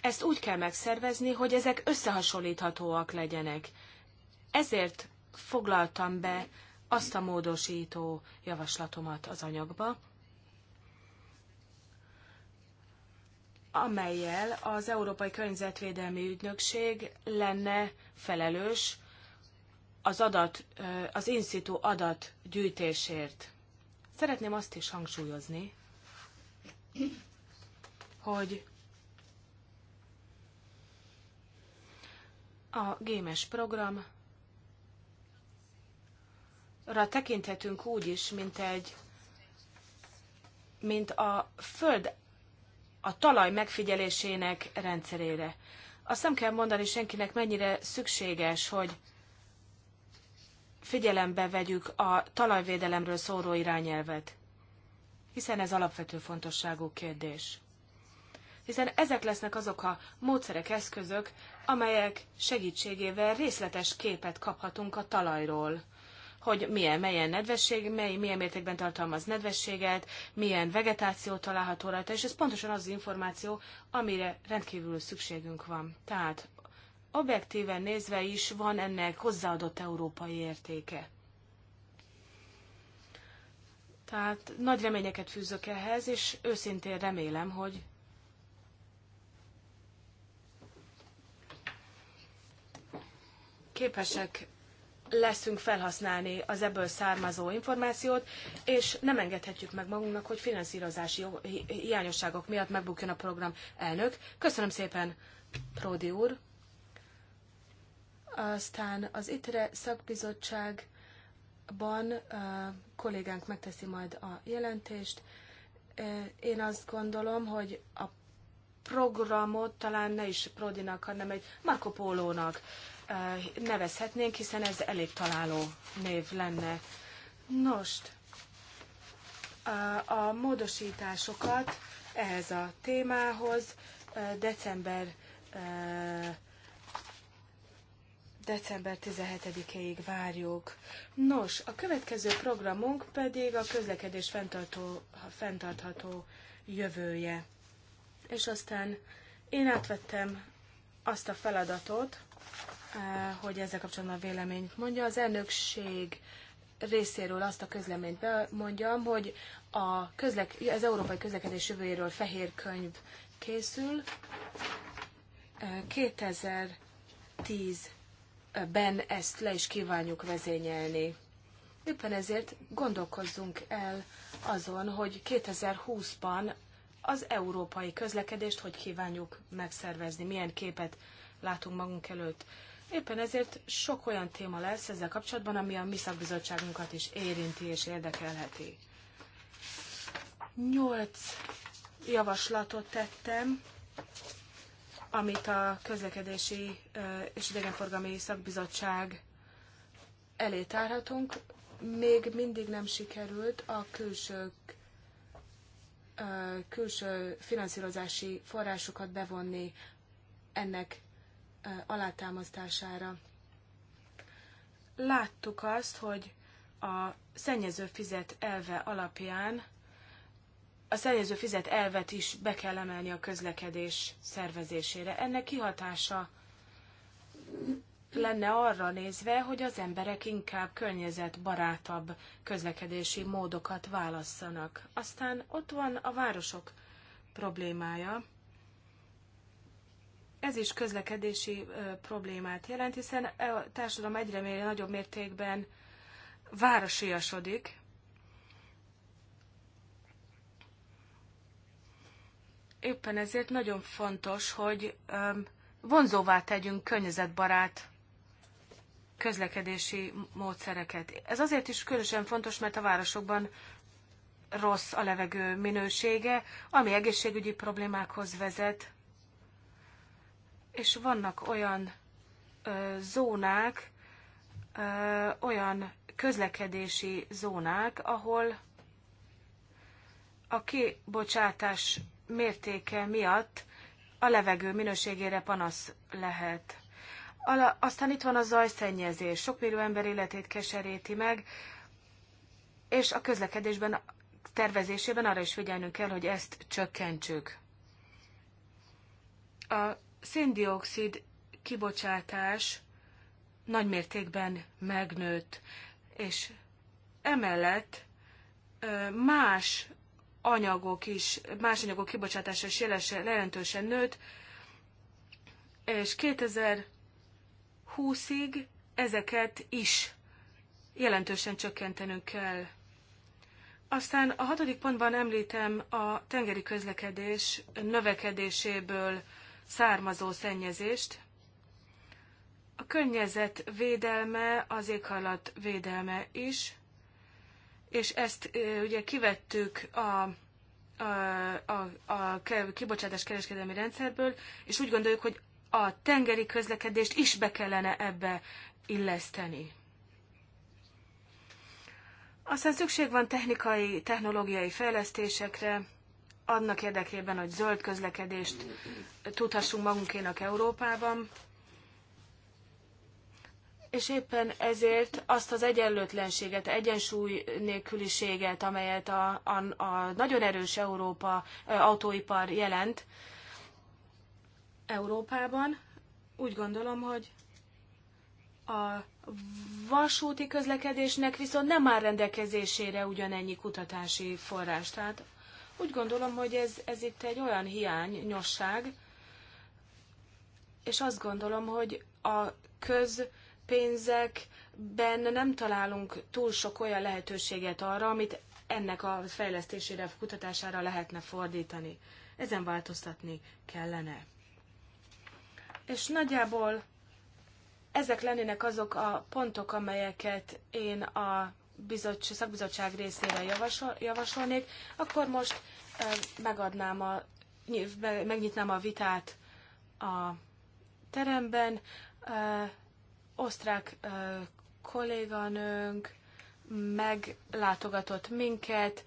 ezt úgy kell megszervezni, hogy ezek összehasonlíthatóak legyenek. Ezért foglaltam be azt a módosító javaslatomat az anyagba, amelyel az Európai Környezetvédelmi Ügynökség lenne felelős az adat, az in-situ adat gyűjtésért. Szeretném azt is hangsúlyozni, hogy a gémes program ra tekinthetünk úgy is, mint egy, mint a föld, a talaj megfigyelésének rendszerére. Azt nem kell mondani senkinek, mennyire szükséges, hogy figyelembe vegyük a talajvédelemről szóró irányelvet, hiszen ez alapvető fontosságú kérdés. Hiszen ezek lesznek azok a módszerek, eszközök, amelyek segítségével részletes képet kaphatunk a talajról hogy milyen, melyen nedvesség, mely, milyen mértékben tartalmaz nedvességet, milyen vegetáció található rajta, és ez pontosan az, az információ, amire rendkívül szükségünk van. Tehát objektíven nézve is van ennek hozzáadott európai értéke. Tehát nagy reményeket fűzök ehhez, és őszintén remélem, hogy képesek leszünk felhasználni az ebből származó információt, és nem engedhetjük meg magunknak, hogy finanszírozási hiányosságok miatt megbukjon a program elnök. Köszönöm szépen, Pródi úr! Aztán az ITRE szakbizottságban kollégánk megteszi majd a jelentést. Én azt gondolom, hogy a programot talán ne is Prodinak, hanem egy Marco Polónak. Eh, nevezhetnénk, hiszen ez elég találó név lenne. Nos, eh, a módosításokat ehhez a témához eh, december december 17-ig várjuk. Nos, a következő programunk pedig a közlekedés fenntartó, fenntartható jövője. És aztán én átvettem azt a feladatot, Eh, hogy ezzel kapcsolatban a véleményt mondja. Az elnökség részéről azt a közleményt mondjam, hogy a közlek, az európai közlekedés jövőjéről fehér könyv készül. 2010-ben eh, ezt le is kívánjuk vezényelni. Éppen ezért gondolkozzunk el azon, hogy 2020-ban az európai közlekedést hogy kívánjuk megszervezni, milyen képet látunk magunk előtt. Éppen ezért sok olyan téma lesz ezzel kapcsolatban, ami a mi szakbizottságunkat is érinti és érdekelheti. Nyolc javaslatot tettem, amit a közlekedési és idegenforgalmi szakbizottság elé tárhatunk. Még mindig nem sikerült a külső, külső finanszírozási forrásokat bevonni ennek alátámasztására. Láttuk azt, hogy a szennyező fizet elve alapján a szennyező fizet elvet is be kell emelni a közlekedés szervezésére. Ennek kihatása lenne arra nézve, hogy az emberek inkább környezetbarátabb közlekedési módokat válasszanak. Aztán ott van a városok problémája ez is közlekedési ö, problémát jelent, hiszen e, a társadalom egyre mér, nagyobb mértékben városiasodik, éppen ezért nagyon fontos, hogy vonzóvá tegyünk környezetbarát közlekedési módszereket. Ez azért is különösen fontos, mert a városokban rossz a levegő minősége, ami egészségügyi problémákhoz vezet, és vannak olyan ö, zónák, ö, olyan közlekedési zónák, ahol a kibocsátás mértéke miatt a levegő minőségére panasz lehet. Aztán itt van a zajszennyezés, sok millió ember életét keseríti meg, és a közlekedésben tervezésében arra is figyelnünk kell, hogy ezt csökkentsük. A széndiokszid kibocsátás nagy mértékben megnőtt, és emellett más anyagok is, más anyagok kibocsátása is jelentősen nőtt, és 2020-ig ezeket is jelentősen csökkentenünk kell. Aztán a hatodik pontban említem a tengeri közlekedés növekedéséből származó szennyezést. A környezet védelme, az éghajlat védelme is, és ezt ugye kivettük a a, a, a kibocsátás kereskedelmi rendszerből, és úgy gondoljuk, hogy a tengeri közlekedést is be kellene ebbe illeszteni. Aztán szükség van technikai, technológiai fejlesztésekre, annak érdekében, hogy zöld közlekedést tudhassunk magunkénak Európában. És éppen ezért azt az egyenlőtlenséget, egyensúly nélküliséget, amelyet a, a, a nagyon erős Európa autóipar jelent Európában, úgy gondolom, hogy a vasúti közlekedésnek viszont nem áll rendelkezésére ugyanennyi kutatási forrás. Tehát úgy gondolom, hogy ez, ez itt egy olyan hiány, nyosság, és azt gondolom, hogy a közpénzekben nem találunk túl sok olyan lehetőséget arra, amit ennek a fejlesztésére, kutatására lehetne fordítani. Ezen változtatni kellene. És nagyjából ezek lennének azok a pontok, amelyeket én a bizottság, szakbizottság részére javasol, javasolnék, akkor most megadnám a, megnyitnám a vitát a teremben. Osztrák kolléganőnk meglátogatott minket,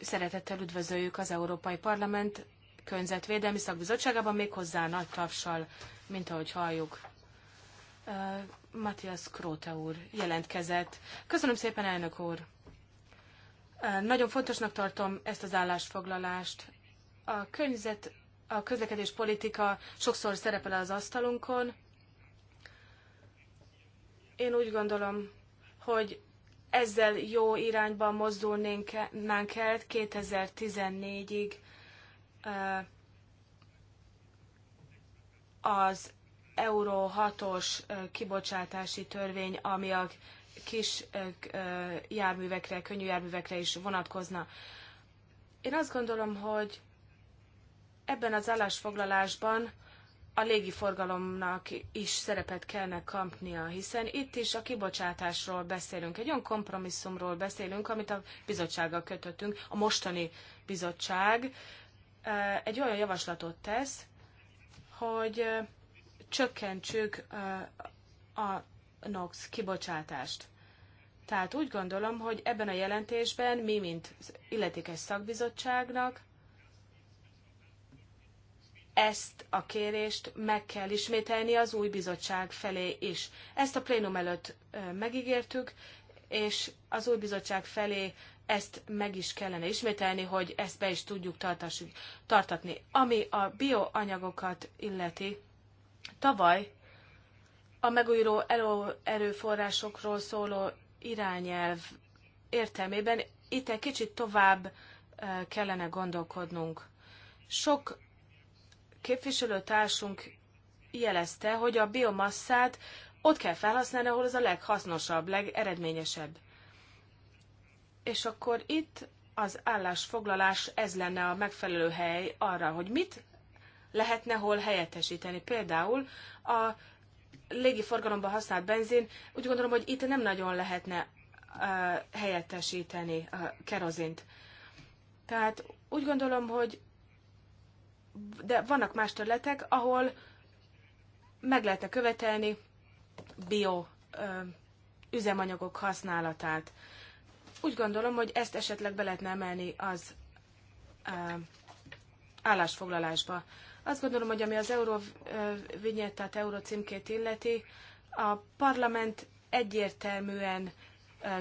szeretettel üdvözöljük az Európai Parlament Környezetvédelmi Szakbizottságában, méghozzá nagy tapsal, mint ahogy halljuk. Matthias Króta úr jelentkezett. Köszönöm szépen, elnök úr! Nagyon fontosnak tartom ezt az állásfoglalást. A környezet, a közlekedés politika sokszor szerepel az asztalunkon. Én úgy gondolom, hogy ezzel jó irányba mozdulnánk el 2014-ig az Euró 6-os kibocsátási törvény, ami a kis járművekre, könnyű járművekre is vonatkozna. Én azt gondolom, hogy ebben az állásfoglalásban a légiforgalomnak is szerepet kellene kapnia, hiszen itt is a kibocsátásról beszélünk, egy olyan kompromisszumról beszélünk, amit a bizottsággal kötöttünk, a mostani bizottság egy olyan javaslatot tesz, hogy csökkentsük a NOx kibocsátást. Tehát úgy gondolom, hogy ebben a jelentésben mi, mint illetékes szakbizottságnak ezt a kérést meg kell ismételni az új bizottság felé is. Ezt a plénum előtt megígértük, és az új bizottság felé ezt meg is kellene ismételni, hogy ezt be is tudjuk tartatni. Ami a bioanyagokat illeti, Tavaly a megújuló erőforrásokról szóló irányelv értelmében itt egy kicsit tovább e, kellene gondolkodnunk. Sok képviselőtársunk jelezte, hogy a biomasszát ott kell felhasználni, ahol az a leghasznosabb, legeredményesebb. És akkor itt az állásfoglalás, ez lenne a megfelelő hely arra, hogy mit lehetne hol helyettesíteni. Például a légiforgalomban használt benzin, úgy gondolom, hogy itt nem nagyon lehetne helyettesíteni a kerozint. Tehát úgy gondolom, hogy de vannak más területek, ahol meg lehetne követelni bio üzemanyagok használatát. Úgy gondolom, hogy ezt esetleg be lehetne emelni az állásfoglalásba. Azt gondolom, hogy ami az euróvinyettát, címkét illeti, a parlament egyértelműen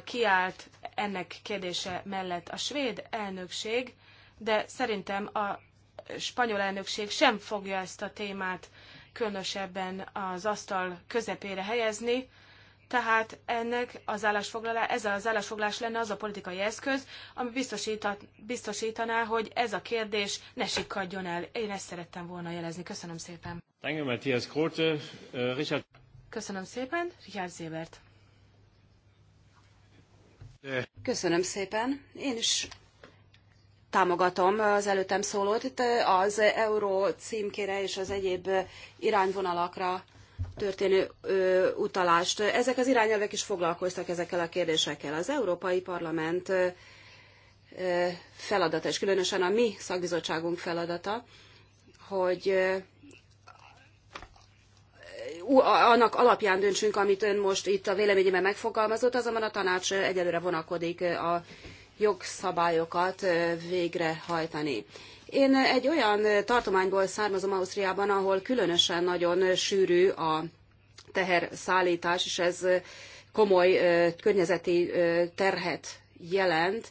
kiállt ennek kérdése mellett a svéd elnökség, de szerintem a spanyol elnökség sem fogja ezt a témát különösebben az asztal közepére helyezni, tehát ennek az állásfoglalás, ez az állásfoglalás lenne az a politikai eszköz, ami biztosítaná, hogy ez a kérdés ne sikkadjon el. Én ezt szerettem volna jelezni. Köszönöm szépen. Matthias uh, Richard. Köszönöm szépen, Richard Zébert. Köszönöm szépen. Én is támogatom az előttem szólót. Itt az euró címkére és az egyéb irányvonalakra történő ö, utalást. Ezek az irányelvek is foglalkoztak ezekkel a kérdésekkel. Az Európai Parlament ö, ö, feladata, és különösen a mi szakbizottságunk feladata, hogy ö, annak alapján döntsünk, amit ön most itt a véleményében megfogalmazott, azonban a tanács egyelőre vonakodik a jogszabályokat végrehajtani. Én egy olyan tartományból származom Ausztriában, ahol különösen nagyon sűrű a teherszállítás, és ez komoly környezeti terhet jelent.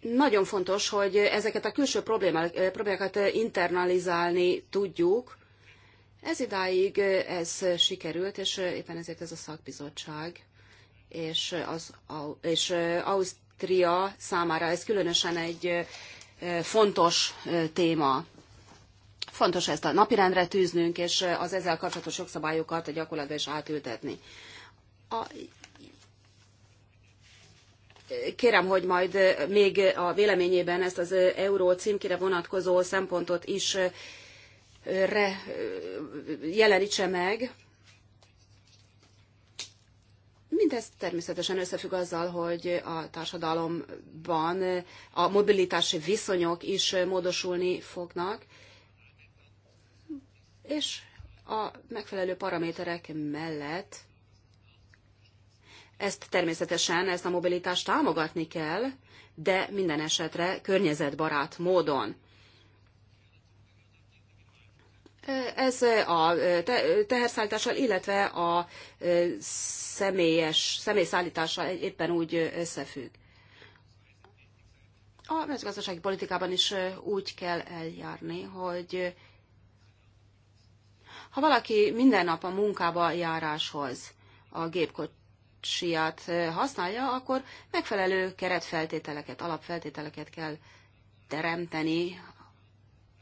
Nagyon fontos, hogy ezeket a külső problémákat internalizálni tudjuk. Ez idáig ez sikerült, és éppen ezért ez a szakbizottság és, az, és Ausztria számára ez különösen egy fontos téma. Fontos ezt a napirendre tűznünk, és az ezzel kapcsolatos jogszabályokat a gyakorlatban is átültetni. A kérem, hogy majd még a véleményében ezt az euró címkére vonatkozó szempontot is re, jelenítse meg, Mindez természetesen összefügg azzal, hogy a társadalomban a mobilitási viszonyok is módosulni fognak, és a megfelelő paraméterek mellett ezt természetesen, ezt a mobilitást támogatni kell, de minden esetre környezetbarát módon. Ez a teherszállítással, illetve a személyes, személyszállítással éppen úgy összefügg. A mezőgazdasági politikában is úgy kell eljárni, hogy ha valaki minden nap a munkába járáshoz a gépkocsiját használja, akkor megfelelő keretfeltételeket, alapfeltételeket kell teremteni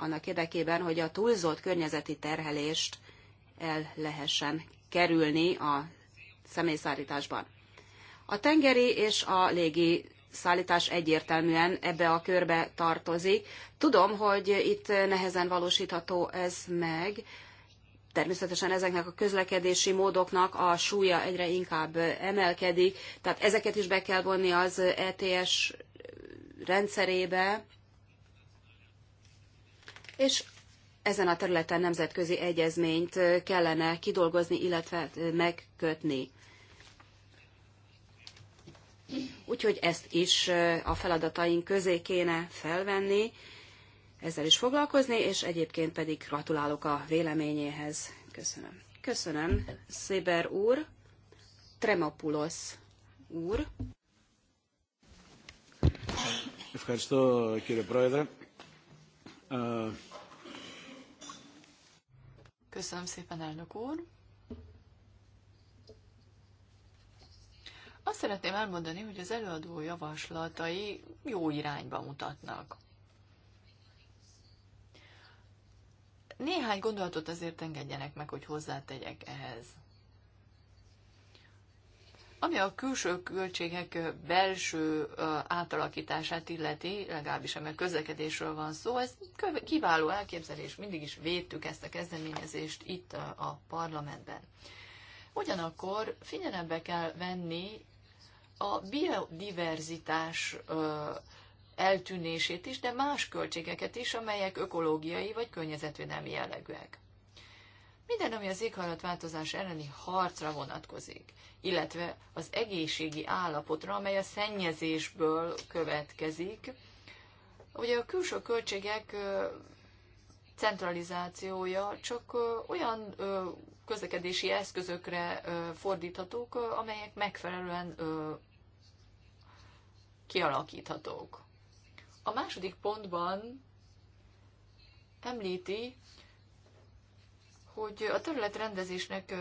annak érdekében, hogy a túlzott környezeti terhelést el lehessen kerülni a személyszállításban. A tengeri és a légi szállítás egyértelműen ebbe a körbe tartozik. Tudom, hogy itt nehezen valósítható ez meg. Természetesen ezeknek a közlekedési módoknak a súlya egyre inkább emelkedik, tehát ezeket is be kell vonni az ETS rendszerébe, és ezen a területen nemzetközi egyezményt kellene kidolgozni, illetve megkötni. Úgyhogy ezt is a feladataink közé kéne felvenni, ezzel is foglalkozni, és egyébként pedig gratulálok a véleményéhez. Köszönöm. Köszönöm, Széber úr, Tremopulos úr. Köszönöm, κύριε Köszönöm szépen, elnök úr. Azt szeretném elmondani, hogy az előadó javaslatai jó irányba mutatnak. Néhány gondolatot azért engedjenek meg, hogy hozzátegyek ehhez. Ami a külső költségek belső átalakítását illeti, legalábbis amely a közlekedésről van szó, ez kiváló elképzelés, mindig is védtük ezt a kezdeményezést itt a parlamentben. Ugyanakkor figyelembe kell venni a biodiverzitás eltűnését is, de más költségeket is, amelyek ökológiai vagy környezetvédelmi jellegűek. Minden, ami az éghajlatváltozás elleni harcra vonatkozik, illetve az egészségi állapotra, amely a szennyezésből következik. Ugye a külső költségek centralizációja csak olyan közlekedési eszközökre fordíthatók, amelyek megfelelően kialakíthatók. A második pontban említi, hogy a területrendezésnek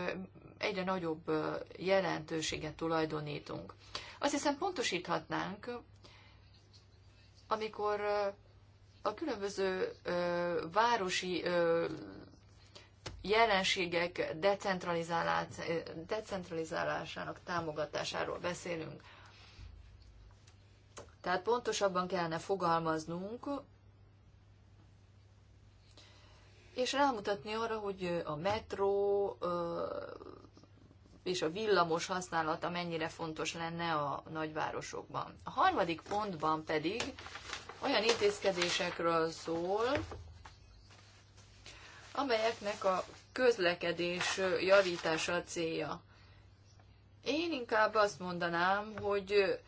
egyre nagyobb jelentőséget tulajdonítunk. Azt hiszem pontosíthatnánk, amikor a különböző városi jelenségek decentralizálásának támogatásáról beszélünk. Tehát pontosabban kellene fogalmaznunk, és rámutatni arra, hogy a metró és a villamos használata mennyire fontos lenne a nagyvárosokban. A harmadik pontban pedig olyan intézkedésekről szól, amelyeknek a közlekedés javítása a célja. Én inkább azt mondanám, hogy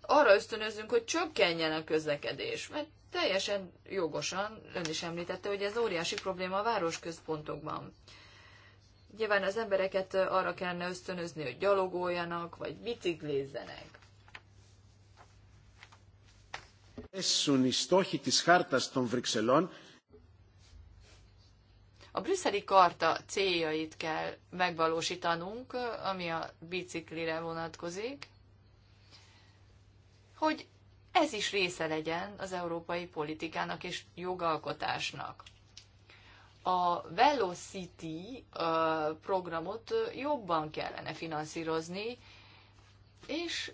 arra ösztönözünk, hogy csökkenjen a közlekedés, mert teljesen jogosan ön is említette, hogy ez óriási probléma a városközpontokban. Nyilván az embereket arra kellene ösztönözni, hogy gyalogoljanak, vagy biciklizzenek. A brüsszeli karta céljait kell megvalósítanunk, ami a biciklire vonatkozik, hogy ez is része legyen az európai politikának és jogalkotásnak. A Velocity programot jobban kellene finanszírozni, és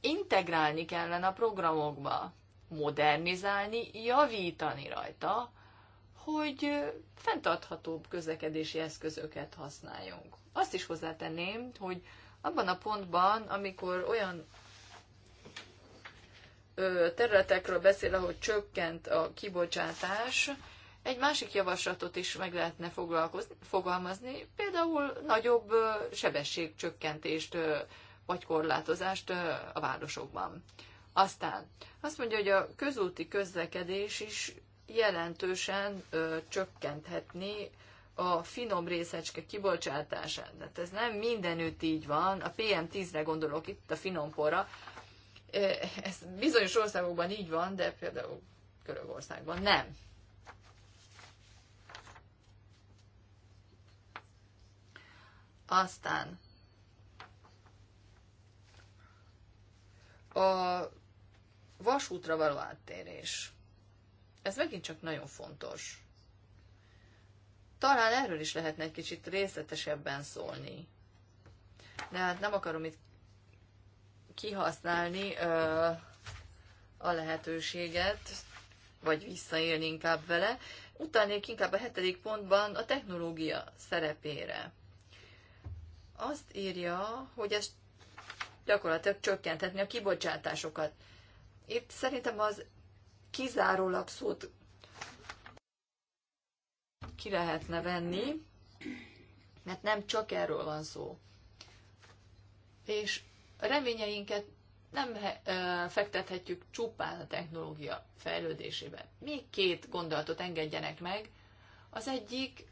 integrálni kellene a programokba, modernizálni, javítani rajta, hogy fenntarthatóbb közlekedési eszközöket használjunk. Azt is hozzátenném, hogy abban a pontban, amikor olyan területekről beszél, ahogy csökkent a kibocsátás, egy másik javaslatot is meg lehetne fogalmazni, például nagyobb sebességcsökkentést vagy korlátozást a városokban. Aztán azt mondja, hogy a közúti közlekedés is jelentősen csökkenthetni a finom részecske kibocsátását. Tehát ez nem mindenütt így van. A PM10-re gondolok itt, a finom porra, ez bizonyos országokban így van, de például Görögországban nem. Aztán a vasútra való áttérés. Ez megint csak nagyon fontos. Talán erről is lehetne egy kicsit részletesebben szólni. De hát nem akarom itt kihasználni ö, a lehetőséget, vagy visszaélni inkább vele. Utalnék inkább a hetedik pontban a technológia szerepére. Azt írja, hogy ez gyakorlatilag csökkentetni a kibocsátásokat. Itt szerintem az kizárólag szót ki lehetne venni, mert nem csak erről van szó. És a reményeinket nem fektethetjük csupán a technológia fejlődésébe. Még két gondolatot engedjenek meg. Az egyik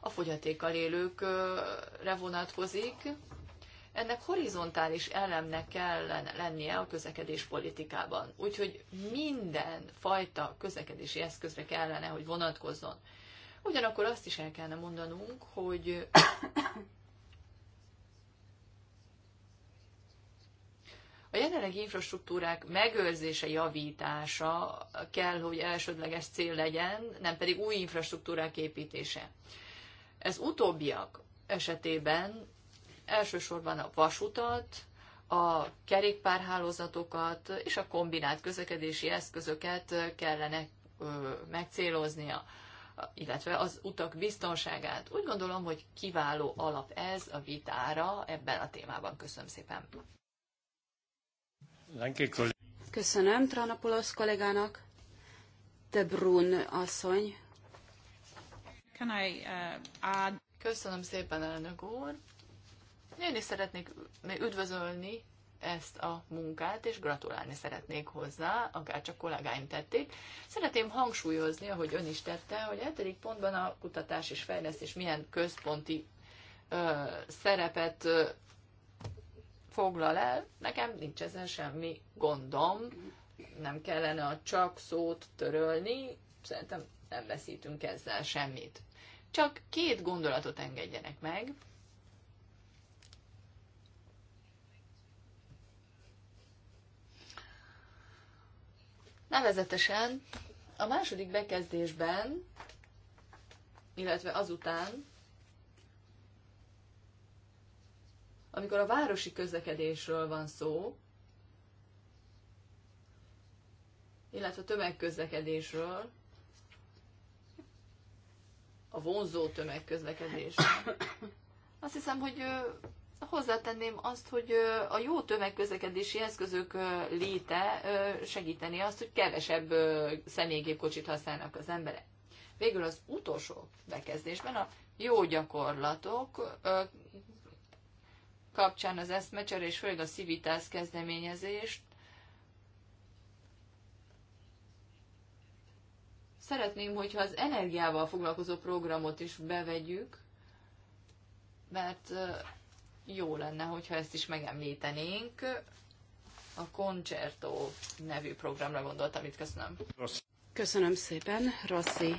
a fogyatékkal élőkre vonatkozik. Ennek horizontális elemnek kell lennie a közlekedés politikában. Úgyhogy minden fajta közlekedési eszközre kellene, hogy vonatkozzon. Ugyanakkor azt is el kellene mondanunk, hogy a jelenlegi infrastruktúrák megőrzése, javítása kell, hogy elsődleges cél legyen, nem pedig új infrastruktúrák építése. Ez utóbbiak esetében elsősorban a vasutat, a kerékpárhálózatokat és a kombinált közlekedési eszközöket kellene megcéloznia illetve az utak biztonságát. Úgy gondolom, hogy kiváló alap ez a vitára ebben a témában. Köszönöm szépen. Köszönöm Tranapulosz kollégának. De Brun asszony. Can I, uh, add... Köszönöm szépen, elnök úr. Én is szeretnék üdvözölni ezt a munkát, és gratulálni szeretnék hozzá, akár csak kollégáim tették. Szeretném hangsúlyozni, ahogy ön is tette, hogy a hetedik pontban a kutatás és fejlesztés milyen központi ö, szerepet ö, foglal el. Nekem nincs ezen semmi gondom, nem kellene a csak szót törölni, szerintem nem veszítünk ezzel semmit. Csak két gondolatot engedjenek meg, Nevezetesen a második bekezdésben, illetve azután, amikor a városi közlekedésről van szó, illetve a tömegközlekedésről, a vonzó tömegközlekedés. Azt hiszem, hogy hozzátenném azt, hogy a jó tömegközlekedési eszközök léte segíteni azt, hogy kevesebb személygépkocsit használnak az emberek. Végül az utolsó bekezdésben a jó gyakorlatok kapcsán az eszmecsere és főleg a szivitász kezdeményezést szeretném, hogyha az energiával foglalkozó programot is bevegyük, mert jó lenne, hogyha ezt is megemlítenénk. A Concerto nevű programra gondoltam itt, köszönöm. Köszönöm szépen, Rossi.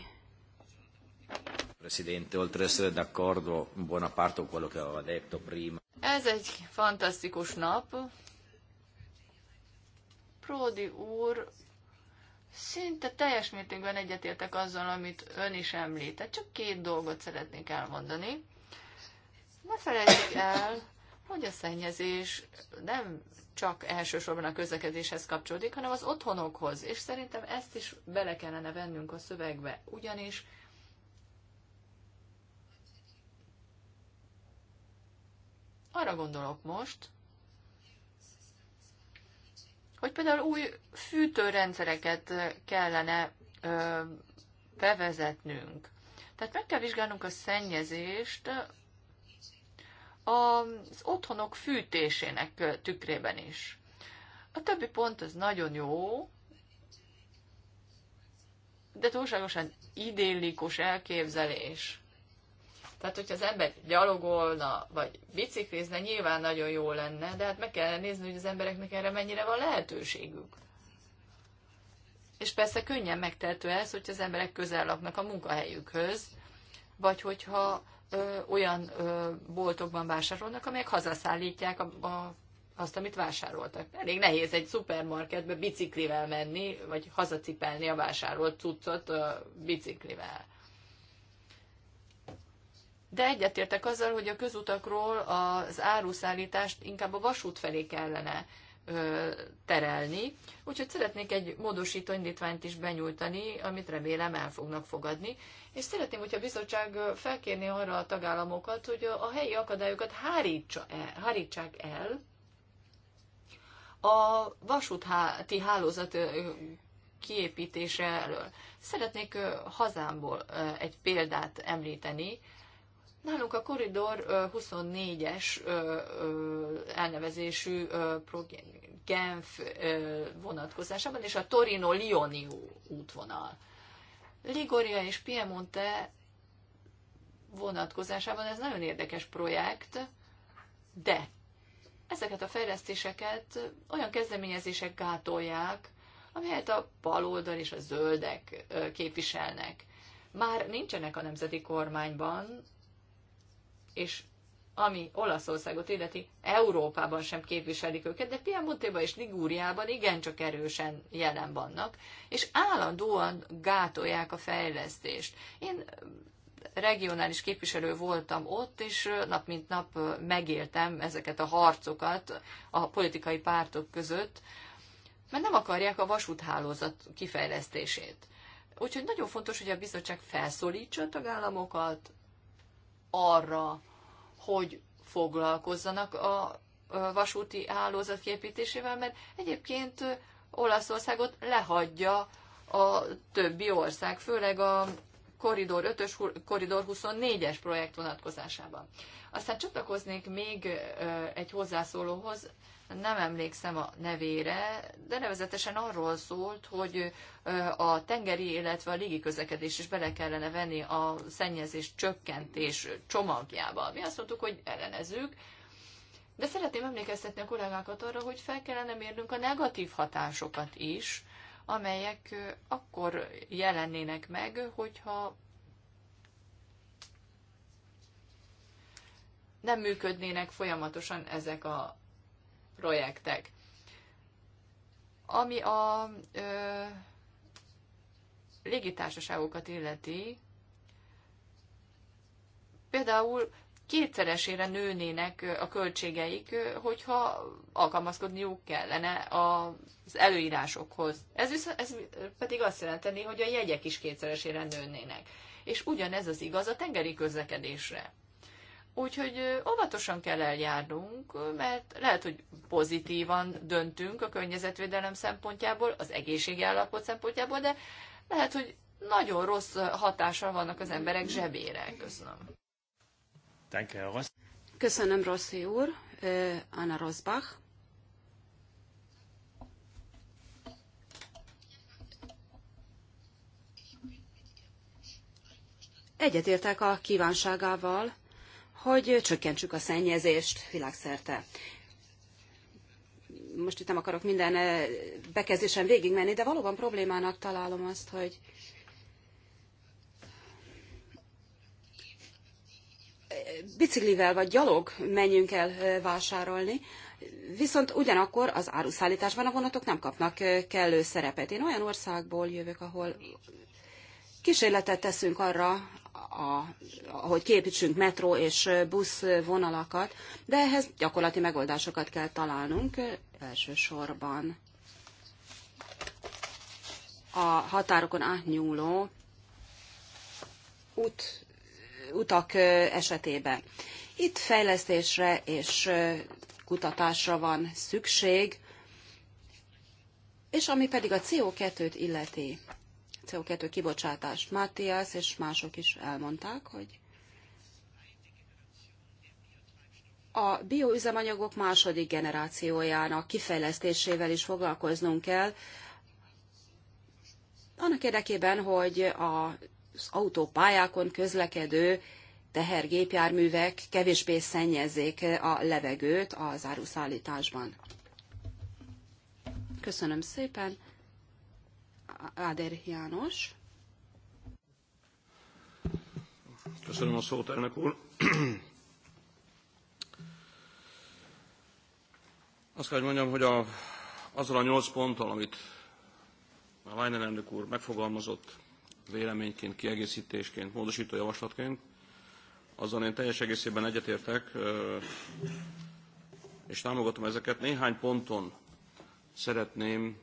Presidente, oltre essere d'accordo buona parte con quello che aveva detto prima. Ez egy fantasztikus nap. Pródi úr szinte teljes mértékben egyetértek azzal, amit ön is említett. Csak két dolgot szeretnék elmondani. Ne felejtsük el, hogy a szennyezés nem csak elsősorban a közlekedéshez kapcsolódik, hanem az otthonokhoz, és szerintem ezt is bele kellene vennünk a szövegbe, ugyanis arra gondolok most, hogy például új fűtőrendszereket kellene ö, bevezetnünk. Tehát meg kell vizsgálnunk a szennyezést az otthonok fűtésének tükrében is. A többi pont az nagyon jó, de túlságosan idillikus elképzelés. Tehát, hogyha az ember gyalogolna, vagy biciklizne, nyilván nagyon jó lenne, de hát meg kellene nézni, hogy az embereknek erre mennyire van lehetőségük. És persze könnyen megtehető ez, hogy az emberek közel laknak a munkahelyükhöz, vagy hogyha ö, olyan ö, boltokban vásárolnak, amelyek hazaszállítják a, a, azt, amit vásároltak. Elég nehéz egy szupermarketbe biciklivel menni, vagy hazacipelni a vásárolt cuccot ö, biciklivel. De egyetértek azzal, hogy a közutakról az áruszállítást inkább a vasút felé kellene terelni. Úgyhogy szeretnék egy módosító indítványt is benyújtani, amit remélem el fognak fogadni. És szeretném, hogyha a bizottság felkérni arra a tagállamokat, hogy a helyi akadályokat hárítsa el, hárítsák el a vasúti hálózat kiépítése elől. Szeretnék hazámból egy példát említeni, Nálunk a koridor 24-es elnevezésű Genf vonatkozásában, és a Torino-Lioni útvonal. Liguria és Piemonte vonatkozásában ez nagyon érdekes projekt, de ezeket a fejlesztéseket olyan kezdeményezések gátolják, amelyet a baloldal és a zöldek képviselnek. Már nincsenek a nemzeti kormányban, és ami Olaszországot illeti, Európában sem képviselik őket, de Piemontéban és Ligúriában igencsak erősen jelen vannak, és állandóan gátolják a fejlesztést. Én eh, regionális képviselő voltam ott, és eh, nap mint nap eh, megéltem ezeket a harcokat a politikai pártok között, mert nem akarják a vasúthálózat kifejlesztését. Úgyhogy nagyon fontos, hogy a bizottság felszólítsa a tagállamokat, arra, hogy foglalkozzanak a vasúti hálózat kiépítésével, mert egyébként Olaszországot lehagyja a többi ország, főleg a Koridor 5-ös, Koridor 24-es projekt vonatkozásában. Aztán csatlakoznék még egy hozzászólóhoz, nem emlékszem a nevére, de nevezetesen arról szólt, hogy a tengeri, illetve a légi közlekedés is bele kellene venni a szennyezés csökkentés csomagjába. Mi azt mondtuk, hogy ellenezzük, de szeretném emlékeztetni a kollégákat arra, hogy fel kellene mérnünk a negatív hatásokat is, amelyek akkor jelennének meg, hogyha nem működnének folyamatosan ezek a projektek. Ami a ö, légitársaságokat illeti, például kétszeresére nőnének a költségeik, hogyha alkalmazkodniuk kellene az előírásokhoz. Ez, viszont, ez pedig azt jelenteni, hogy a jegyek is kétszeresére nőnének. És ugyanez az igaz a tengeri közlekedésre. Úgyhogy óvatosan kell eljárnunk, mert lehet, hogy pozitívan döntünk a környezetvédelem szempontjából, az egészségi állapot szempontjából, de lehet, hogy nagyon rossz hatással vannak az emberek zsebére. Köszönöm. Köszönöm, Rossi úr. Anna Rosbach. Egyetértek a kívánságával, hogy csökkentsük a szennyezést világszerte. Most itt nem akarok minden eh, bekezdésen végigmenni, de valóban problémának találom azt, hogy biciklivel vagy gyalog menjünk el eh, vásárolni, viszont ugyanakkor az áruszállításban a vonatok nem kapnak eh, kellő szerepet. Én olyan országból jövök, ahol kísérletet teszünk arra, a, hogy képítsünk metró és busz vonalakat, de ehhez gyakorlati megoldásokat kell találnunk elsősorban. A határokon átnyúló ut utak esetében. Itt fejlesztésre és kutatásra van szükség, és ami pedig a CO2-t illeti, CO2 kibocsátást. Matthias és mások is elmondták, hogy a bioüzemanyagok második generációjának kifejlesztésével is foglalkoznunk kell, annak érdekében, hogy az autópályákon közlekedő tehergépjárművek kevésbé szennyezzék a levegőt az áruszállításban. Köszönöm szépen. Áder János. Köszönöm a szót, elnök úr. Azt kell, hogy mondjam, hogy a, azzal a nyolc ponttal, amit a Leinen elnök úr megfogalmazott véleményként, kiegészítésként, módosító javaslatként, azzal én teljes egészében egyetértek, és támogatom ezeket. Néhány ponton szeretném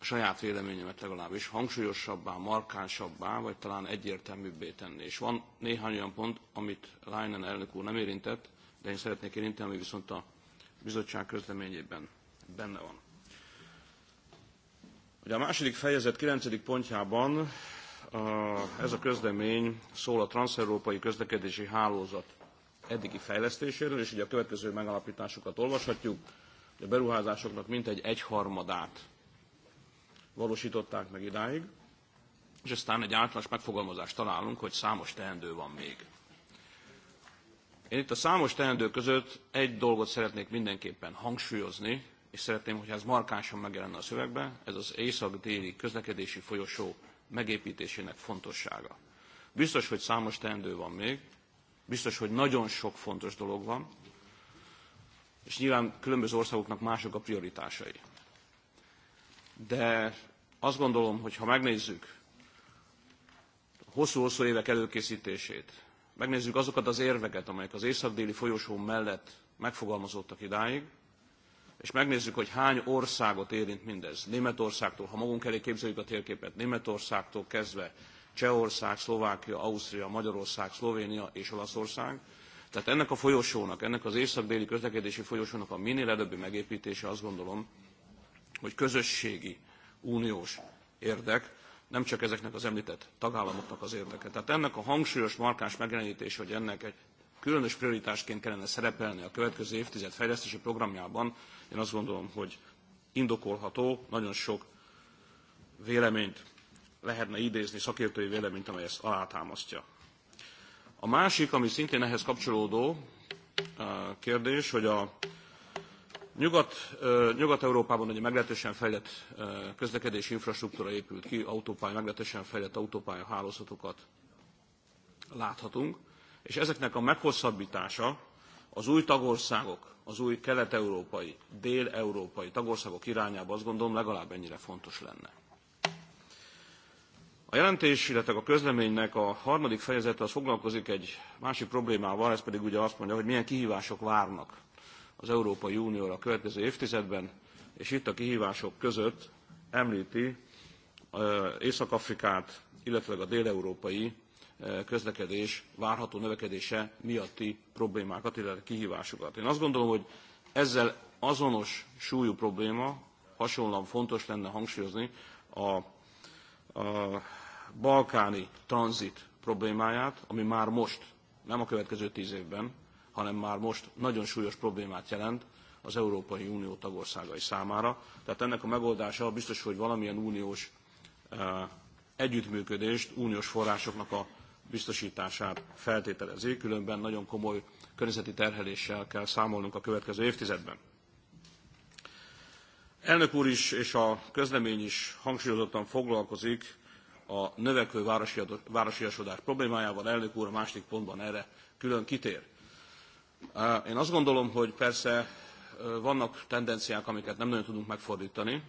saját véleményemet legalábbis hangsúlyosabbá, markánsabbá, vagy talán egyértelműbbé tenni. És van néhány olyan pont, amit Leinen elnök úr nem érintett, de én szeretnék érinteni, ami viszont a bizottság közleményében benne van. Ugye a második fejezet 9. pontjában ez a közlemény szól a transzeurópai közlekedési hálózat eddigi fejlesztéséről, és ugye a következő megalapításokat olvashatjuk. A beruházásoknak mintegy egyharmadát valósították meg idáig, és aztán egy általános megfogalmazást találunk, hogy számos teendő van még. Én itt a számos teendő között egy dolgot szeretnék mindenképpen hangsúlyozni, és szeretném, hogy ez markánsan megjelenne a szövegben, ez az észak-déli közlekedési folyosó megépítésének fontossága. Biztos, hogy számos teendő van még, biztos, hogy nagyon sok fontos dolog van, és nyilván különböző országoknak mások a prioritásai de azt gondolom, hogy ha megnézzük hosszú-hosszú évek előkészítését, megnézzük azokat az érveket, amelyek az északdéli folyosó mellett megfogalmazottak idáig, és megnézzük, hogy hány országot érint mindez. Németországtól, ha magunk elé képzeljük a térképet, Németországtól kezdve Csehország, Szlovákia, Ausztria, Magyarország, Szlovénia és Olaszország. Tehát ennek a folyosónak, ennek az észak-déli közlekedési folyosónak a minél előbbi megépítése azt gondolom, hogy közösségi, uniós érdek, nem csak ezeknek az említett tagállamoknak az érdeke. Tehát ennek a hangsúlyos, markáns megjelenítés, hogy ennek egy különös prioritásként kellene szerepelni a következő évtized fejlesztési programjában, én azt gondolom, hogy indokolható, nagyon sok véleményt lehetne idézni, szakértői véleményt, amely ezt alátámasztja. A másik, ami szintén ehhez kapcsolódó eh, kérdés, hogy a Nyugat, Nyugat-Európában ugye meglehetősen fejlett közlekedési infrastruktúra épült ki, autópálya, meglehetősen fejlett autópálya hálózatokat láthatunk, és ezeknek a meghosszabbítása az új tagországok, az új kelet-európai, dél-európai tagországok irányába azt gondolom legalább ennyire fontos lenne. A jelentés, illetve a közleménynek a harmadik fejezete az foglalkozik egy másik problémával, ez pedig ugye azt mondja, hogy milyen kihívások várnak az Európai Unióra a következő évtizedben, és itt a kihívások között említi Észak-Afrikát, illetve a déleurópai közlekedés várható növekedése miatti problémákat, illetve kihívásokat. Én azt gondolom, hogy ezzel azonos súlyú probléma, hasonlóan fontos lenne hangsúlyozni a, a balkáni tranzit problémáját, ami már most, nem a következő tíz évben, hanem már most nagyon súlyos problémát jelent az Európai Unió tagországai számára. Tehát ennek a megoldása biztos, hogy valamilyen uniós eh, együttműködést, uniós forrásoknak a biztosítását feltételezi, különben nagyon komoly környezeti terheléssel kell számolnunk a következő évtizedben. Elnök úr is és a közlemény is hangsúlyozottan foglalkozik a növekvő városiasodás problémájával. Elnök úr a második pontban erre külön kitér. Én azt gondolom, hogy persze vannak tendenciák, amiket nem nagyon tudunk megfordítani,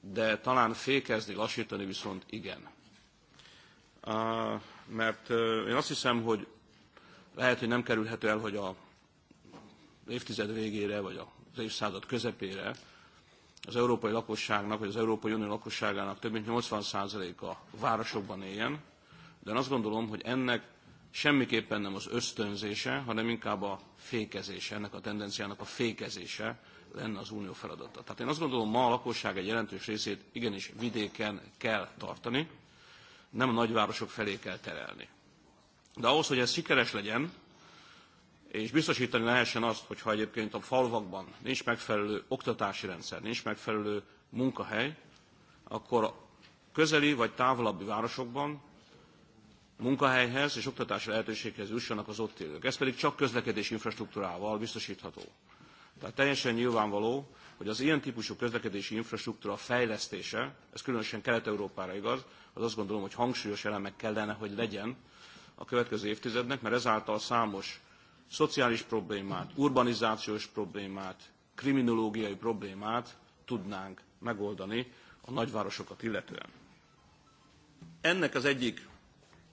de talán fékezni, lassítani viszont igen. Mert én azt hiszem, hogy lehet, hogy nem kerülhető el, hogy a évtized végére, vagy az évszázad közepére az európai lakosságnak, vagy az Európai Unió lakosságának több mint 80%-a városokban éljen, de én azt gondolom, hogy ennek semmiképpen nem az ösztönzése, hanem inkább a fékezése, ennek a tendenciának a fékezése lenne az unió feladata. Tehát én azt gondolom, ma a lakosság egy jelentős részét igenis vidéken kell tartani, nem a nagyvárosok felé kell terelni. De ahhoz, hogy ez sikeres legyen, és biztosítani lehessen azt, hogyha egyébként a falvakban nincs megfelelő oktatási rendszer, nincs megfelelő munkahely, akkor a közeli vagy távolabbi városokban munkahelyhez és oktatási lehetőséghez jussanak az ott élők. Ez pedig csak közlekedési infrastruktúrával biztosítható. Tehát teljesen nyilvánvaló, hogy az ilyen típusú közlekedési infrastruktúra fejlesztése, ez különösen Kelet-Európára igaz, az azt gondolom, hogy hangsúlyos elemek kellene, hogy legyen a következő évtizednek, mert ezáltal számos szociális problémát, urbanizációs problémát, kriminológiai problémát tudnánk megoldani a nagyvárosokat illetően. Ennek az egyik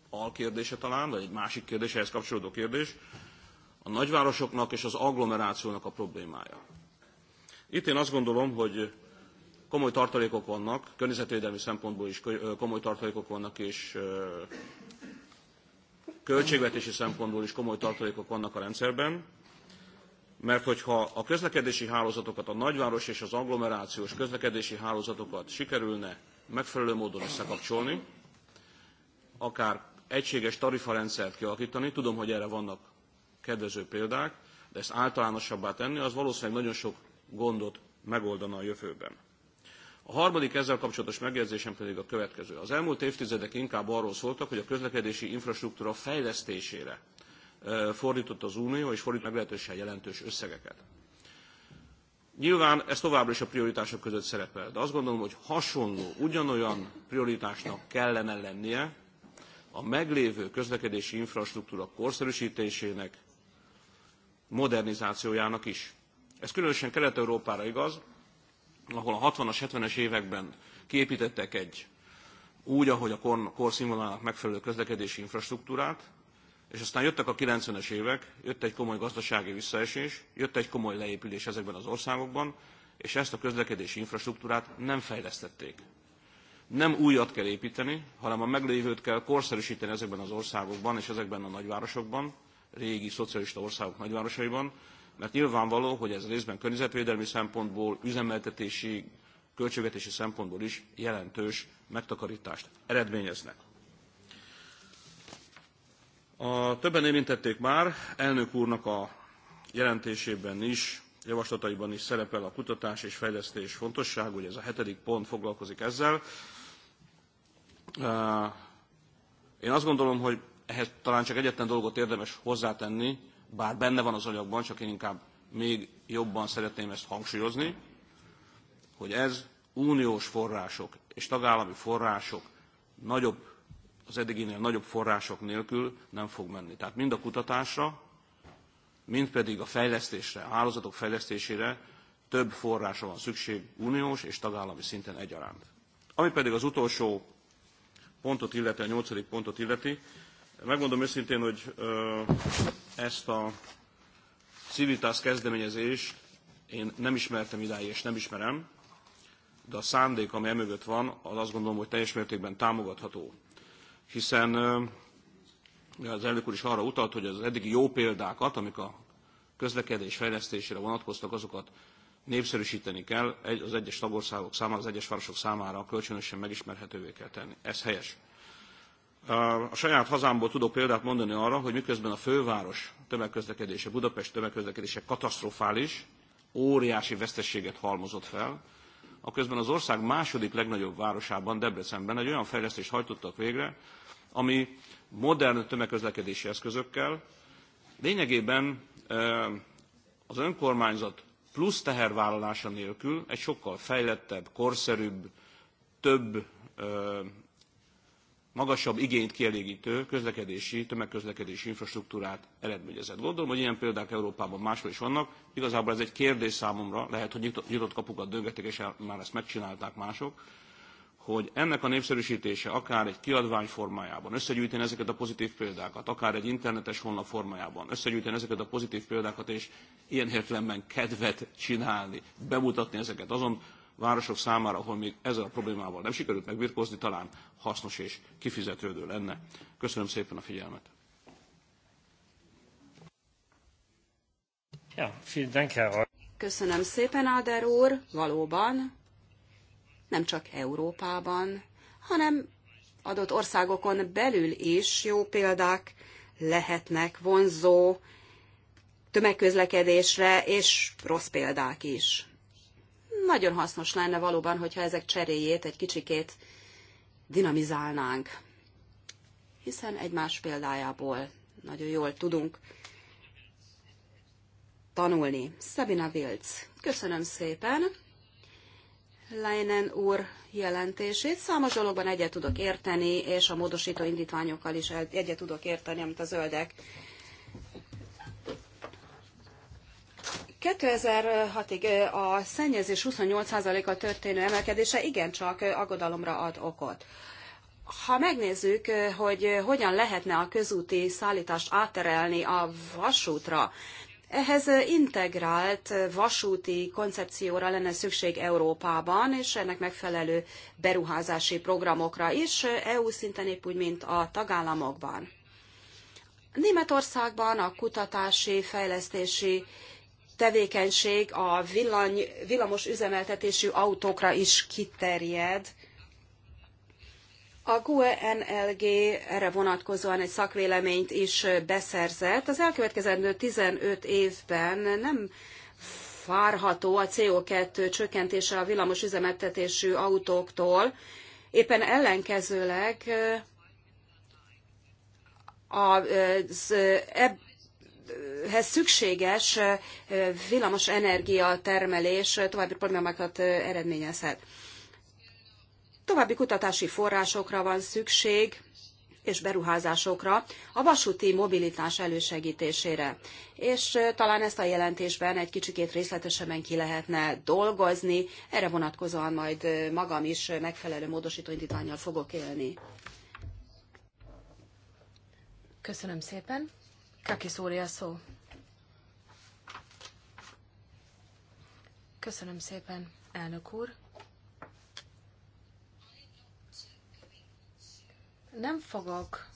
alkérdése talán, vagy egy másik kérdés, ehhez kapcsolódó kérdés, a nagyvárosoknak és az agglomerációnak a problémája. Itt én azt gondolom, hogy komoly tartalékok vannak, környezetvédelmi szempontból is komoly tartalékok vannak, és költségvetési szempontból is komoly tartalékok vannak a rendszerben, mert hogyha a közlekedési hálózatokat, a nagyváros és az agglomerációs közlekedési hálózatokat sikerülne megfelelő módon összekapcsolni, akár egységes tarifarendszert kialakítani. Tudom, hogy erre vannak kedvező példák, de ezt általánosabbá tenni, az valószínűleg nagyon sok gondot megoldana a jövőben. A harmadik ezzel kapcsolatos megjegyzésem pedig a következő. Az elmúlt évtizedek inkább arról szóltak, hogy a közlekedési infrastruktúra fejlesztésére fordított az Unió, és fordít meglehetősen jelentős összegeket. Nyilván ez továbbra is a prioritások között szerepel, de azt gondolom, hogy hasonló, ugyanolyan prioritásnak kellene lennie a meglévő közlekedési infrastruktúra korszerűsítésének, modernizációjának is. Ez különösen Kelet-Európára igaz, ahol a 60-as, 70-es években kiépítettek egy úgy, ahogy a kor, korszínvonalának megfelelő közlekedési infrastruktúrát, és aztán jöttek a 90-es évek, jött egy komoly gazdasági visszaesés, jött egy komoly leépülés ezekben az országokban, és ezt a közlekedési infrastruktúrát nem fejlesztették nem újat kell építeni, hanem a meglévőt kell korszerűsíteni ezekben az országokban és ezekben a nagyvárosokban, régi szocialista országok nagyvárosaiban, mert nyilvánvaló, hogy ez részben környezetvédelmi szempontból, üzemeltetési, költségvetési szempontból is jelentős megtakarítást eredményeznek. A többen érintették már, elnök úrnak a jelentésében is, javaslataiban is szerepel a kutatás és fejlesztés fontosság, ugye ez a hetedik pont foglalkozik ezzel. Én azt gondolom, hogy ehhez talán csak egyetlen dolgot érdemes hozzátenni, bár benne van az anyagban, csak én inkább még jobban szeretném ezt hangsúlyozni, hogy ez uniós források és tagállami források nagyobb, az eddiginél nagyobb források nélkül nem fog menni. Tehát mind a kutatásra, mind pedig a fejlesztésre, a hálózatok fejlesztésére több forrásra van szükség uniós és tagállami szinten egyaránt. Ami pedig az utolsó pontot illeti, a nyolcadik pontot illeti. Megmondom őszintén, hogy ezt a Civitas kezdeményezést én nem ismertem idáig, és nem ismerem, de a szándék, ami emögött van, az azt gondolom, hogy teljes mértékben támogatható. Hiszen az elnök úr is arra utalt, hogy az eddigi jó példákat, amik a közlekedés fejlesztésére vonatkoztak, azokat népszerűsíteni kell az egyes tagországok számára, az egyes városok számára kölcsönösen megismerhetővé kell tenni. Ez helyes. A saját hazámból tudok példát mondani arra, hogy miközben a főváros tömegközlekedése, Budapest tömegközlekedése katasztrofális, óriási vesztességet halmozott fel, a közben az ország második legnagyobb városában, Debrecenben egy olyan fejlesztést hajtottak végre, ami modern tömegközlekedési eszközökkel lényegében az önkormányzat plusz tehervállalása nélkül egy sokkal fejlettebb, korszerűbb, több, magasabb igényt kielégítő közlekedési, tömegközlekedési infrastruktúrát eredményezett. Gondolom, hogy ilyen példák Európában máshol is vannak. Igazából ez egy kérdés számomra, lehet, hogy nyitott kapukat döngetek, és már ezt megcsinálták mások, hogy ennek a népszerűsítése akár egy kiadvány formájában, összegyűjteni ezeket a pozitív példákat, akár egy internetes honlap formájában, összegyűjteni ezeket a pozitív példákat, és ilyen értelemben kedvet csinálni, bemutatni ezeket azon városok számára, ahol még ezzel a problémával nem sikerült megbirkózni, talán hasznos és kifizetődő lenne. Köszönöm szépen a figyelmet. Köszönöm szépen, Áder úr, valóban nem csak Európában, hanem adott országokon belül is jó példák lehetnek vonzó tömegközlekedésre, és rossz példák is. Nagyon hasznos lenne valóban, hogyha ezek cseréjét egy kicsikét dinamizálnánk, hiszen egymás példájából nagyon jól tudunk tanulni. Szabina Vilc, köszönöm szépen! Leinen úr jelentését. Számos dologban egyet tudok érteni, és a módosító indítványokkal is egyet tudok érteni, amit a zöldek 2006-ig a szennyezés 28%-a történő emelkedése igencsak aggodalomra ad okot. Ha megnézzük, hogy hogyan lehetne a közúti szállítást átterelni a vasútra, ehhez integrált vasúti koncepcióra lenne szükség Európában, és ennek megfelelő beruházási programokra is, EU szinten épp úgy, mint a tagállamokban. Németországban a kutatási, fejlesztési tevékenység a villany, villamos üzemeltetésű autókra is kiterjed, a GUE-NLG erre vonatkozóan egy szakvéleményt is beszerzett. Az elkövetkezendő 15 évben nem várható a CO2 csökkentése a villamos üzemeltetésű autóktól. Éppen ellenkezőleg az e, ehhez szükséges e, villamos energia termelés további problémákat eredményezhet. További kutatási forrásokra van szükség, és beruházásokra, a vasúti mobilitás elősegítésére. És talán ezt a jelentésben egy kicsikét részletesebben ki lehetne dolgozni, erre vonatkozóan majd magam is megfelelő módosító indítványjal fogok élni. Köszönöm szépen. Kaki szóri a szó. Köszönöm szépen, elnök úr. nem fogok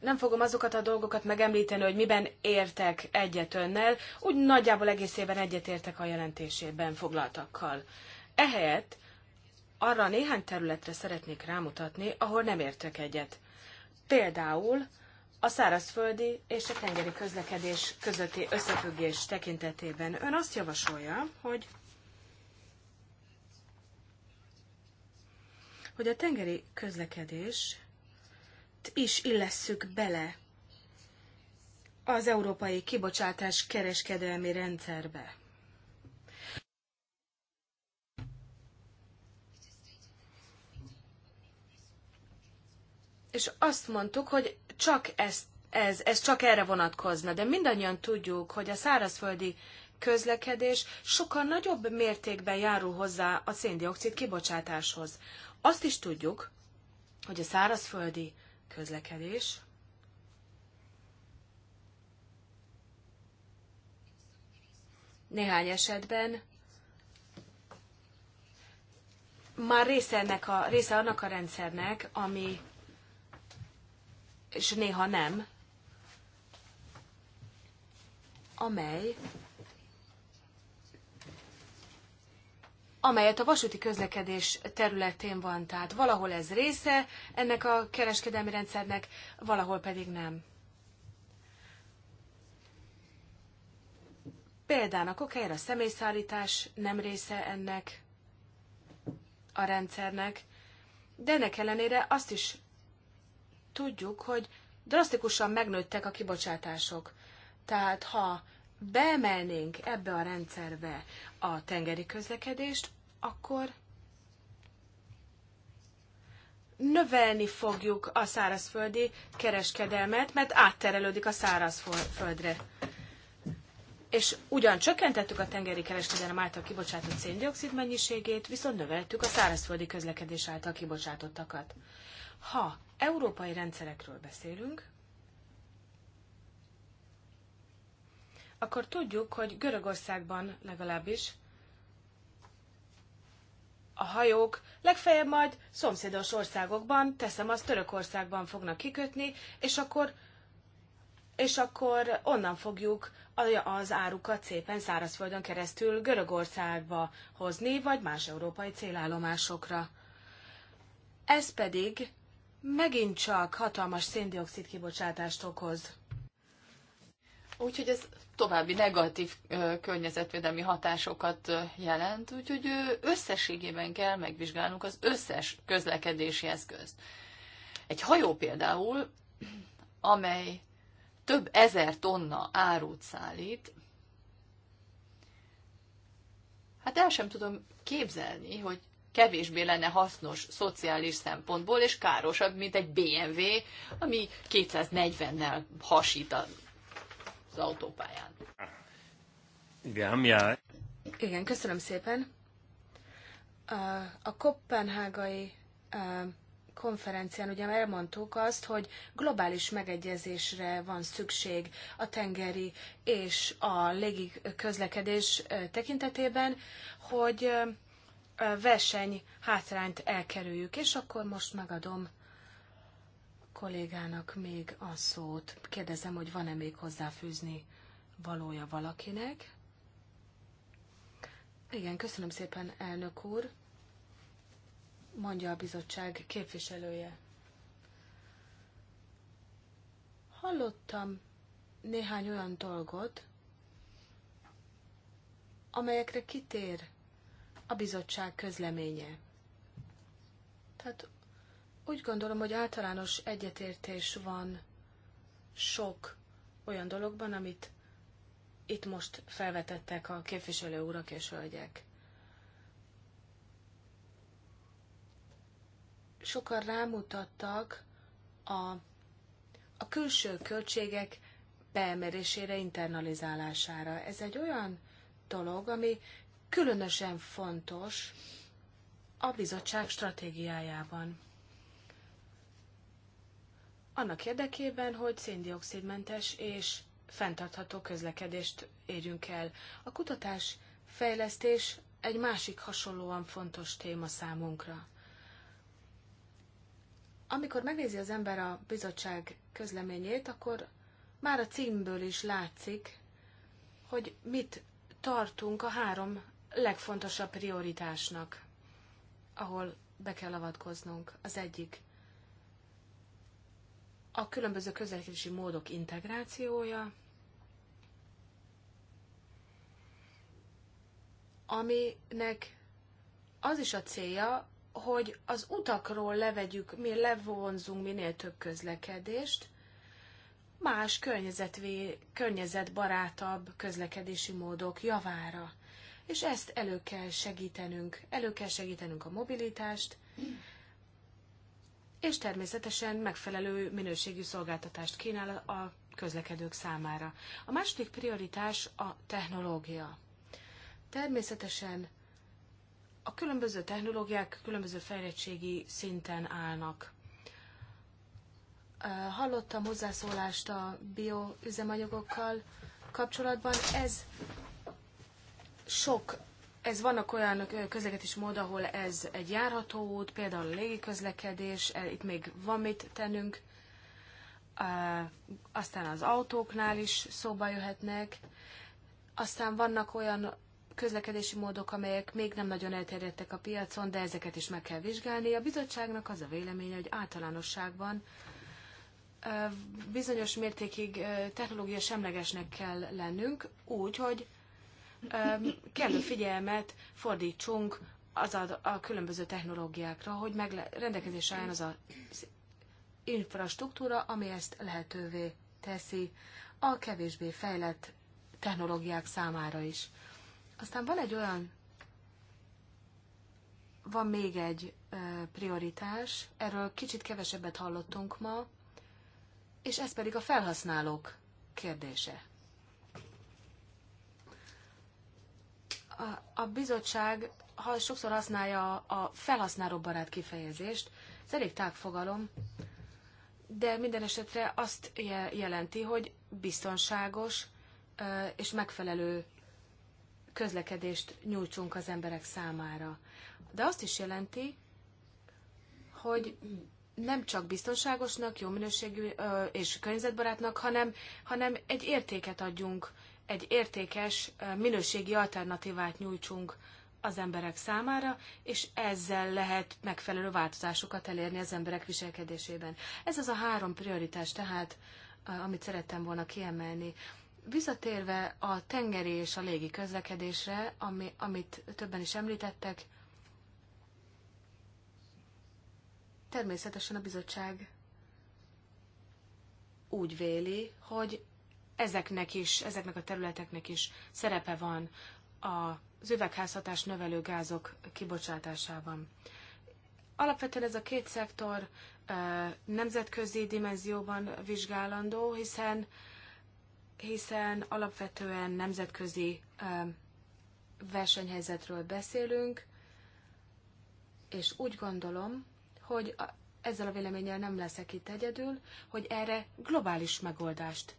nem fogom azokat a dolgokat megemlíteni, hogy miben értek egyet önnel, úgy nagyjából egész évben egyetértek a jelentésében foglaltakkal. Ehelyett arra néhány területre szeretnék rámutatni, ahol nem értek egyet. Például a szárazföldi és a tengeri közlekedés közötti összefüggés tekintetében ön azt javasolja, hogy hogy a tengeri közlekedés is illesszük bele az európai kibocsátás kereskedelmi rendszerbe. És azt mondtuk, hogy csak ez, ez, ez csak erre vonatkozna, de mindannyian tudjuk, hogy a szárazföldi közlekedés sokkal nagyobb mértékben járul hozzá a széndiokszid kibocsátáshoz. Azt is tudjuk, hogy a szárazföldi közlekedés néhány esetben már része, ennek a, része annak a rendszernek, ami, és néha nem, amely amelyet a vasúti közlekedés területén van. Tehát valahol ez része ennek a kereskedelmi rendszernek, valahol pedig nem. Példának okáért a személyszállítás nem része ennek a rendszernek, de ennek ellenére azt is tudjuk, hogy drasztikusan megnőttek a kibocsátások. Tehát ha beemelnénk ebbe a rendszerbe a tengeri közlekedést, akkor növelni fogjuk a szárazföldi kereskedelmet, mert átterelődik a szárazföldre. És ugyan csökkentettük a tengeri kereskedelem által kibocsátott széndiokszid mennyiségét, viszont növeltük a szárazföldi közlekedés által kibocsátottakat. Ha európai rendszerekről beszélünk, akkor tudjuk, hogy Görögországban legalábbis a hajók legfeljebb majd szomszédos országokban, teszem azt Törökországban fognak kikötni, és akkor, és akkor onnan fogjuk az árukat szépen szárazföldön keresztül Görögországba hozni, vagy más európai célállomásokra. Ez pedig megint csak hatalmas széndiokszid kibocsátást okoz. Úgyhogy ez további negatív környezetvédelmi hatásokat jelent, úgyhogy összességében kell megvizsgálnunk az összes közlekedési eszközt. Egy hajó például, amely több ezer tonna árut szállít, hát el sem tudom képzelni, hogy kevésbé lenne hasznos szociális szempontból, és károsabb, mint egy BMW, ami 240-nel hasít a az autópályán. Igen, ja. Igen, köszönöm szépen. A kopenhágai konferencián ugye elmondtuk azt, hogy globális megegyezésre van szükség a tengeri és a légi közlekedés tekintetében, hogy verseny hátrányt elkerüljük, és akkor most megadom kollégának még a szót. Kérdezem, hogy van-e még hozzáfűzni valója valakinek. Igen, köszönöm szépen, elnök úr, mondja a bizottság képviselője. Hallottam néhány olyan dolgot, amelyekre kitér a bizottság közleménye. Tehát úgy gondolom, hogy általános egyetértés van sok olyan dologban, amit itt most felvetettek a képviselő urak és hölgyek. Sokan rámutattak a, a külső költségek beemelésére, internalizálására. Ez egy olyan dolog, ami különösen fontos a bizottság stratégiájában annak érdekében, hogy széndiokszidmentes és fenntartható közlekedést érjünk el. A kutatás, fejlesztés egy másik hasonlóan fontos téma számunkra. Amikor megnézi az ember a bizottság közleményét, akkor már a címből is látszik, hogy mit tartunk a három legfontosabb prioritásnak, ahol be kell avatkoznunk. Az egyik a különböző közlekedési módok integrációja, aminek az is a célja, hogy az utakról levegyük, mi levonzunk minél több közlekedést, más környezetvé, környezetbarátabb közlekedési módok javára. És ezt elő kell segítenünk, elő kell segítenünk a mobilitást, és természetesen megfelelő minőségű szolgáltatást kínál a közlekedők számára. A második prioritás a technológia. Természetesen a különböző technológiák különböző fejlettségi szinten állnak. Hallottam hozzászólást a bioüzemanyagokkal kapcsolatban. Ez sok ez vannak olyan közlekedés mód, ahol ez egy járható út, például a légiközlekedés, e, itt még van mit tennünk, aztán az autóknál is szóba jöhetnek, aztán vannak olyan közlekedési módok, amelyek még nem nagyon elterjedtek a piacon, de ezeket is meg kell vizsgálni. A bizottságnak az a véleménye, hogy általánosságban bizonyos mértékig technológia semlegesnek kell lennünk, úgy, hogy kellő figyelmet fordítsunk az a, a különböző technológiákra, hogy meg rendelkezésre álljon az a infrastruktúra, ami ezt lehetővé teszi a kevésbé fejlett technológiák számára is. Aztán van egy olyan, van még egy prioritás, erről kicsit kevesebbet hallottunk ma, és ez pedig a felhasználók kérdése. a bizottság ha sokszor használja a felhasználóbarát kifejezést, ez elég tág fogalom, de minden esetre azt jelenti, hogy biztonságos és megfelelő közlekedést nyújtsunk az emberek számára. De azt is jelenti, hogy nem csak biztonságosnak, jó minőségű és környezetbarátnak, hanem, hanem egy értéket adjunk egy értékes, minőségi alternatívát nyújtsunk az emberek számára, és ezzel lehet megfelelő változásokat elérni az emberek viselkedésében. Ez az a három prioritás tehát, amit szerettem volna kiemelni. Visszatérve a tengeri és a légi közlekedésre, ami, amit többen is említettek, természetesen a bizottság úgy véli, hogy ezeknek is, ezeknek a területeknek is szerepe van az üvegházhatás növelő gázok kibocsátásában. Alapvetően ez a két szektor nemzetközi dimenzióban vizsgálandó, hiszen, hiszen alapvetően nemzetközi versenyhelyzetről beszélünk, és úgy gondolom, hogy ezzel a véleménnyel nem leszek itt egyedül, hogy erre globális megoldást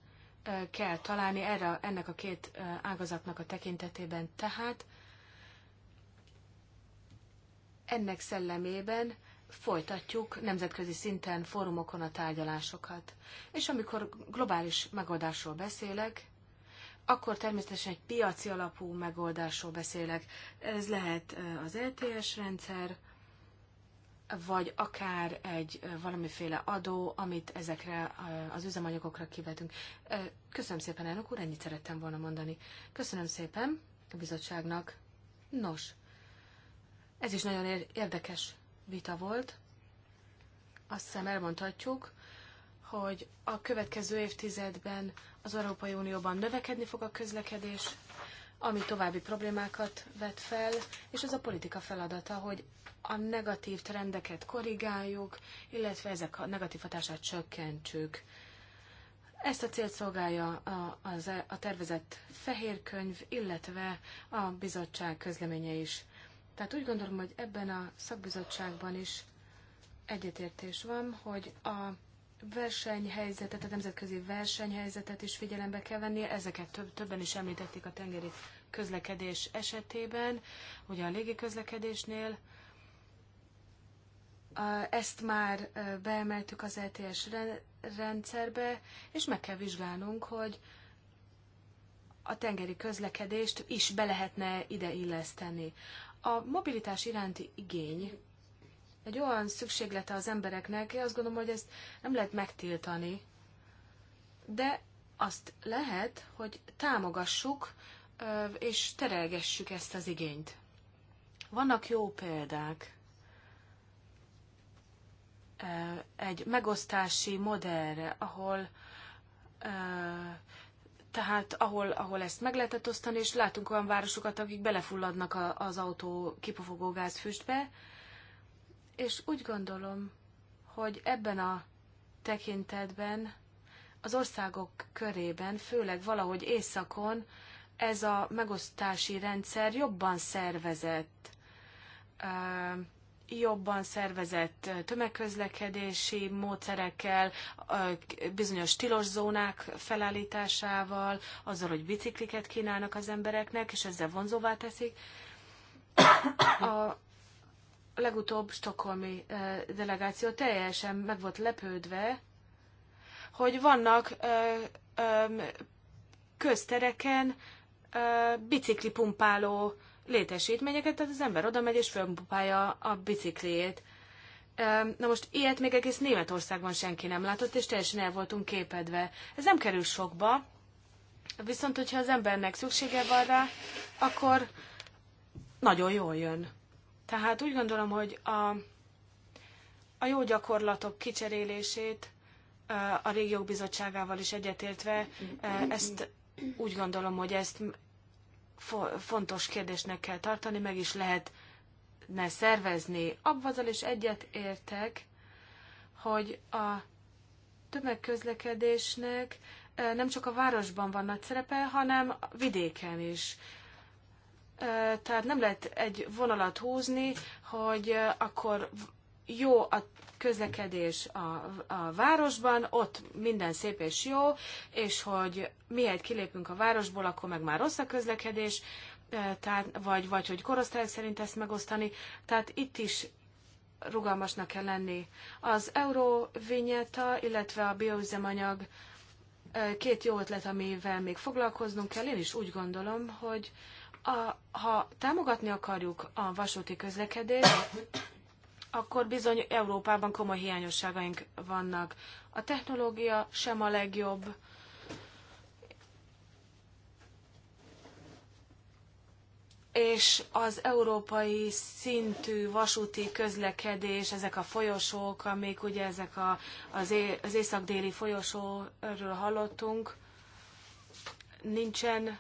kell találni erre, ennek a két ágazatnak a tekintetében. Tehát ennek szellemében folytatjuk nemzetközi szinten, fórumokon a tárgyalásokat. És amikor globális megoldásról beszélek, akkor természetesen egy piaci alapú megoldásról beszélek. Ez lehet az LTS e rendszer, vagy akár egy valamiféle adó, amit ezekre az üzemanyagokra kivetünk. Köszönöm szépen, elnök úr, ennyit szerettem volna mondani. Köszönöm szépen a bizottságnak. Nos, ez is nagyon érdekes vita volt. Azt hiszem elmondhatjuk, hogy a következő évtizedben az Európai Unióban növekedni fog a közlekedés, ami további problémákat vet fel, és ez a politika feladata, hogy a negatív trendeket korrigáljuk, illetve ezek a negatív hatását csökkentsük. Ezt a célt szolgálja a, az, e, a tervezett fehér könyv, illetve a bizottság közleménye is. Tehát úgy gondolom, hogy ebben a szakbizottságban is egyetértés van, hogy a versenyhelyzetet, a nemzetközi versenyhelyzetet is figyelembe kell venni. Ezeket több, többen is említették a tengeri közlekedés esetében, ugye a légi közlekedésnél. Ezt már beemeltük az ETS rendszerbe, és meg kell vizsgálnunk, hogy a tengeri közlekedést is be lehetne ide illeszteni. A mobilitás iránti igény egy olyan szükséglete az embereknek, én azt gondolom, hogy ezt nem lehet megtiltani, de azt lehet, hogy támogassuk és terelgessük ezt az igényt. Vannak jó példák. Egy megosztási modellre, ahol tehát ahol, ahol ezt meg lehetett osztani, és látunk olyan városokat, akik belefulladnak az autó kipufogó gázfüstbe, és úgy gondolom, hogy ebben a tekintetben az országok körében, főleg valahogy északon, ez a megosztási rendszer jobban szervezett, jobban szervezett tömegközlekedési módszerekkel, bizonyos tilos zónák felállításával, azzal, hogy bicikliket kínálnak az embereknek, és ezzel vonzóvá teszik. A, legutóbb stokholmi delegáció teljesen meg volt lepődve, hogy vannak köztereken bicikli pumpáló létesítményeket, tehát az ember oda megy és fölpumpálja a bicikliét. Na most ilyet még egész Németországban senki nem látott, és teljesen el voltunk képedve. Ez nem kerül sokba, viszont hogyha az embernek szüksége van rá, akkor nagyon jól jön. Tehát úgy gondolom, hogy a, a jó gyakorlatok kicserélését a régiók bizottságával is egyetértve, ezt úgy gondolom, hogy ezt fontos kérdésnek kell tartani, meg is lehetne szervezni. Abbazal is egyet értek, hogy a tömegközlekedésnek nem csak a városban van nagy szerepe, hanem vidéken is tehát nem lehet egy vonalat húzni, hogy akkor jó a közlekedés a, a városban, ott minden szép és jó, és hogy mihelyt kilépünk a városból, akkor meg már rossz a közlekedés, tehát, vagy, vagy hogy korosztály szerint ezt megosztani. Tehát itt is rugalmasnak kell lenni. Az euró vinyeta, illetve a bioüzemanyag két jó ötlet, amivel még foglalkoznunk kell. Én is úgy gondolom, hogy a, ha támogatni akarjuk a vasúti közlekedést, akkor bizony Európában komoly hiányosságaink vannak. A technológia sem a legjobb. És az európai szintű vasúti közlekedés, ezek a folyosók, amik ugye ezek a, az, é, az észak-déli folyosóról hallottunk, nincsen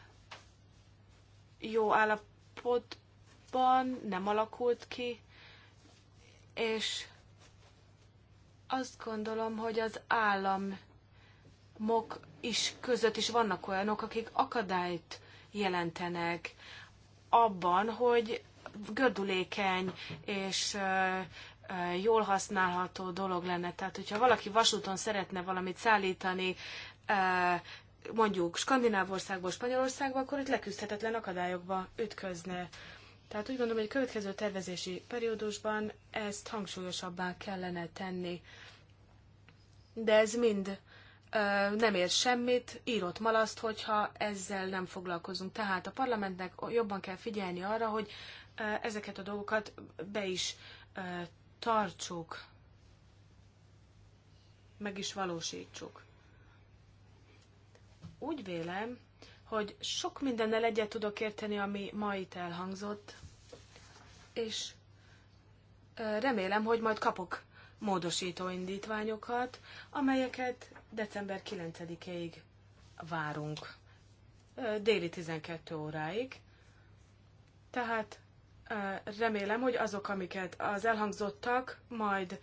jó állapotban nem alakult ki, és azt gondolom, hogy az államok is között is vannak olyanok, akik akadályt jelentenek abban, hogy gördülékeny és jól használható dolog lenne. Tehát, hogyha valaki vasúton szeretne valamit szállítani, mondjuk Skandinávországból Spanyolországba, akkor itt leküzdhetetlen akadályokba ütközne. Tehát úgy gondolom, hogy a következő tervezési periódusban ezt hangsúlyosabbá kellene tenni. De ez mind ö, nem ér semmit, írott malaszt, hogyha ezzel nem foglalkozunk. Tehát a parlamentnek jobban kell figyelni arra, hogy ö, ezeket a dolgokat be is ö, tartsuk, meg is valósítsuk úgy vélem, hogy sok mindennel egyet tudok érteni, ami ma itt elhangzott, és remélem, hogy majd kapok módosító indítványokat, amelyeket december 9-ig várunk, déli 12 óráig. Tehát remélem, hogy azok, amiket az elhangzottak, majd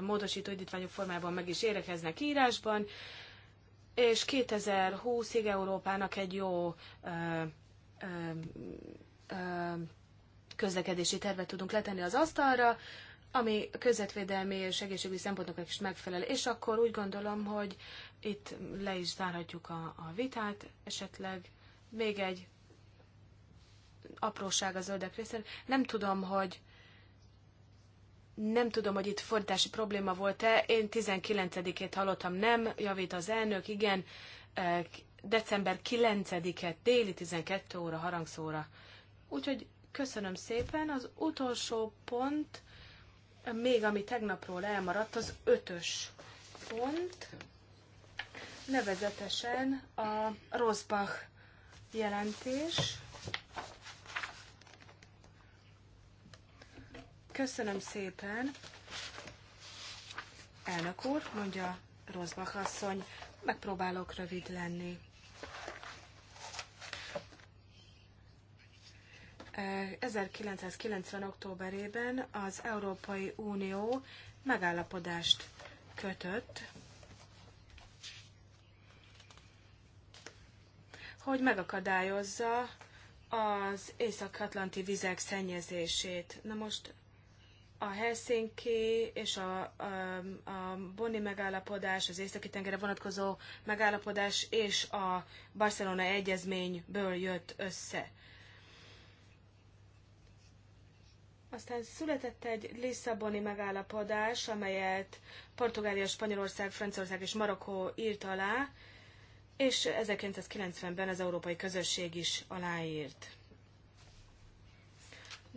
módosító indítványok formájában meg is érekeznek írásban, és 2020-ig Európának egy jó ö, ö, ö, közlekedési tervet tudunk letenni az asztalra, ami közvetvédelmi és egészségügyi szempontoknak is megfelel. És akkor úgy gondolom, hogy itt le is zárhatjuk a, a vitát, esetleg még egy apróság a zöldek részéről. Nem tudom, hogy nem tudom, hogy itt fordítási probléma volt-e. Én 19-ét hallottam, nem, javít az elnök, igen. December 9-et, déli 12 óra, harangszóra. Úgyhogy köszönöm szépen. Az utolsó pont, még ami tegnapról elmaradt, az ötös pont, nevezetesen a Rosbach jelentés. Köszönöm szépen. Elnök úr, mondja Rozbach asszony, megpróbálok rövid lenni. E, 1990. októberében az Európai Unió megállapodást kötött, hogy megakadályozza az észak-atlanti vizek szennyezését. Na most a Helsinki és a, a, a Bonni megállapodás, az északi tengerre vonatkozó megállapodás és a Barcelona egyezményből jött össze. Aztán született egy Lisszaboni megállapodás, amelyet Portugália, Spanyolország, Franciaország és Marokkó írt alá, és 1990-ben az Európai Közösség is aláírt.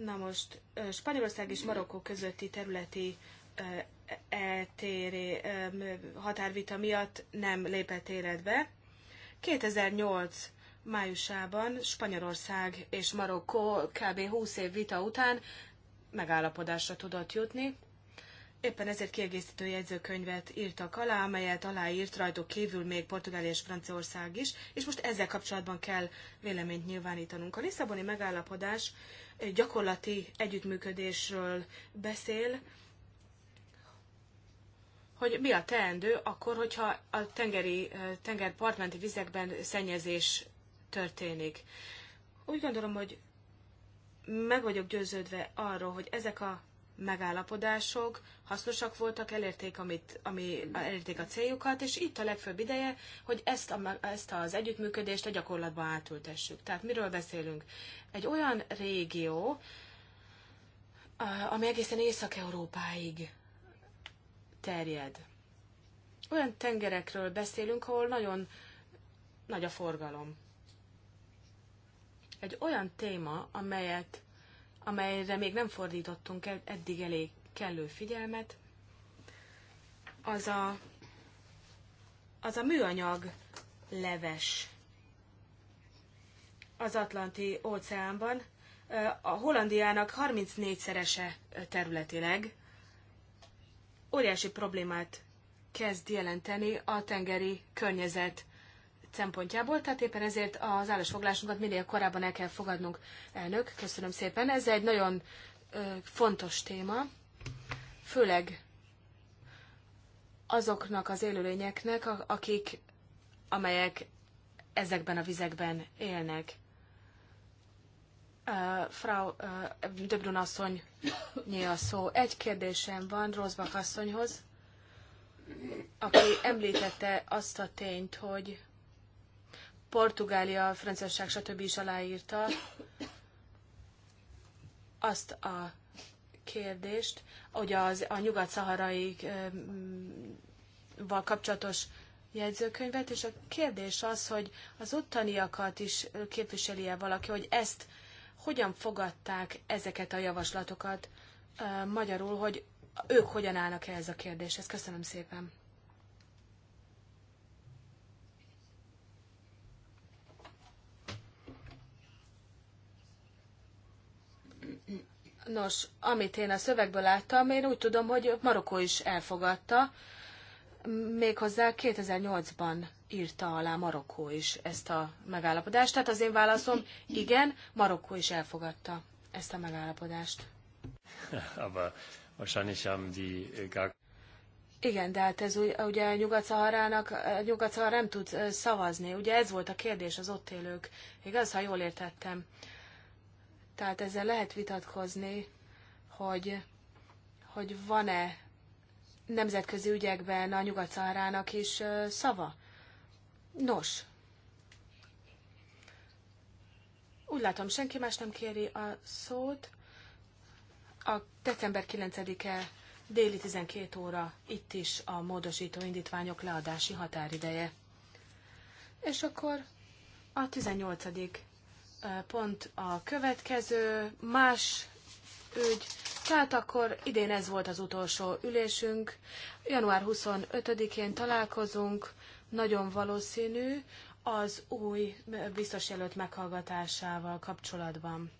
Na most Spanyolország és Marokkó közötti területi eltéré határvita miatt nem lépett életbe. 2008 májusában Spanyolország és Marokkó kb. 20 év vita után megállapodásra tudott jutni. Éppen ezért kiegészítő jegyzőkönyvet írtak alá, amelyet aláírt rajtuk kívül még Portugália és Franciaország is, és most ezzel kapcsolatban kell véleményt nyilvánítanunk. A Lisszaboni megállapodás gyakorlati együttműködésről beszél, hogy mi a teendő akkor, hogyha a tengeri, tengerpartmenti vizekben szennyezés történik. Úgy gondolom, hogy meg vagyok győződve arról, hogy ezek a megállapodások hasznosak voltak, elérték, amit, ami, elérték a céljukat, és itt a legfőbb ideje, hogy ezt, a, ezt az együttműködést a gyakorlatban átültessük. Tehát miről beszélünk? Egy olyan régió, ami egészen Észak-Európáig terjed. Olyan tengerekről beszélünk, ahol nagyon nagy a forgalom. Egy olyan téma, amelyet amelyre még nem fordítottunk eddig elég kellő figyelmet, az a, az a műanyag leves az Atlanti óceánban, a Hollandiának 34-szerese területileg óriási problémát kezd jelenteni a tengeri környezet szempontjából, tehát éppen ezért az állásfoglásunkat minél korábban el kell fogadnunk, elnök. Köszönöm szépen. Ez egy nagyon fontos téma, főleg azoknak az élőlényeknek, akik, amelyek ezekben a vizekben élnek. Uh, Frau uh, Döbrun asszony a szó. Egy kérdésem van Rosbach asszonyhoz, aki említette azt a tényt, hogy Portugália, Franciaország, stb. is aláírta azt a kérdést, hogy az, a nyugat-szaharai um, val kapcsolatos jegyzőkönyvet, és a kérdés az, hogy az ottaniakat is képviseli-e valaki, hogy ezt hogyan fogadták ezeket a javaslatokat uh, magyarul, hogy ők hogyan állnak ehhez a kérdéshez. Köszönöm szépen. Nos, amit én a szövegből láttam, én úgy tudom, hogy Marokkó is elfogadta, méghozzá 2008-ban írta alá Marokkó is ezt a megállapodást. Tehát az én válaszom, igen, Marokkó is elfogadta ezt a megállapodást. Äh, igen, de hát ez ugye Nyugat-Szaharának, nyugat nem tud szavazni. Ugye ez volt a kérdés az ott élők, igaz, ha jól értettem. Tehát ezzel lehet vitatkozni, hogy, hogy van-e nemzetközi ügyekben a nyugat is szava. Nos, úgy látom, senki más nem kéri a szót. A december 9-e déli 12 óra itt is a módosító indítványok leadási határideje. És akkor a 18 pont a következő, más ügy. Tehát akkor idén ez volt az utolsó ülésünk. Január 25-én találkozunk, nagyon valószínű, az új biztos jelölt meghallgatásával kapcsolatban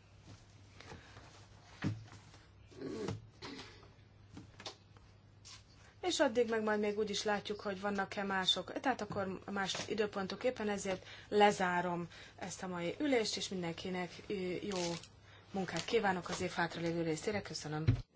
és addig meg majd még úgy is látjuk, hogy vannak-e mások. Tehát akkor más időpontok éppen ezért lezárom ezt a mai ülést, és mindenkinek jó munkát kívánok az év hátralévő részére. Köszönöm.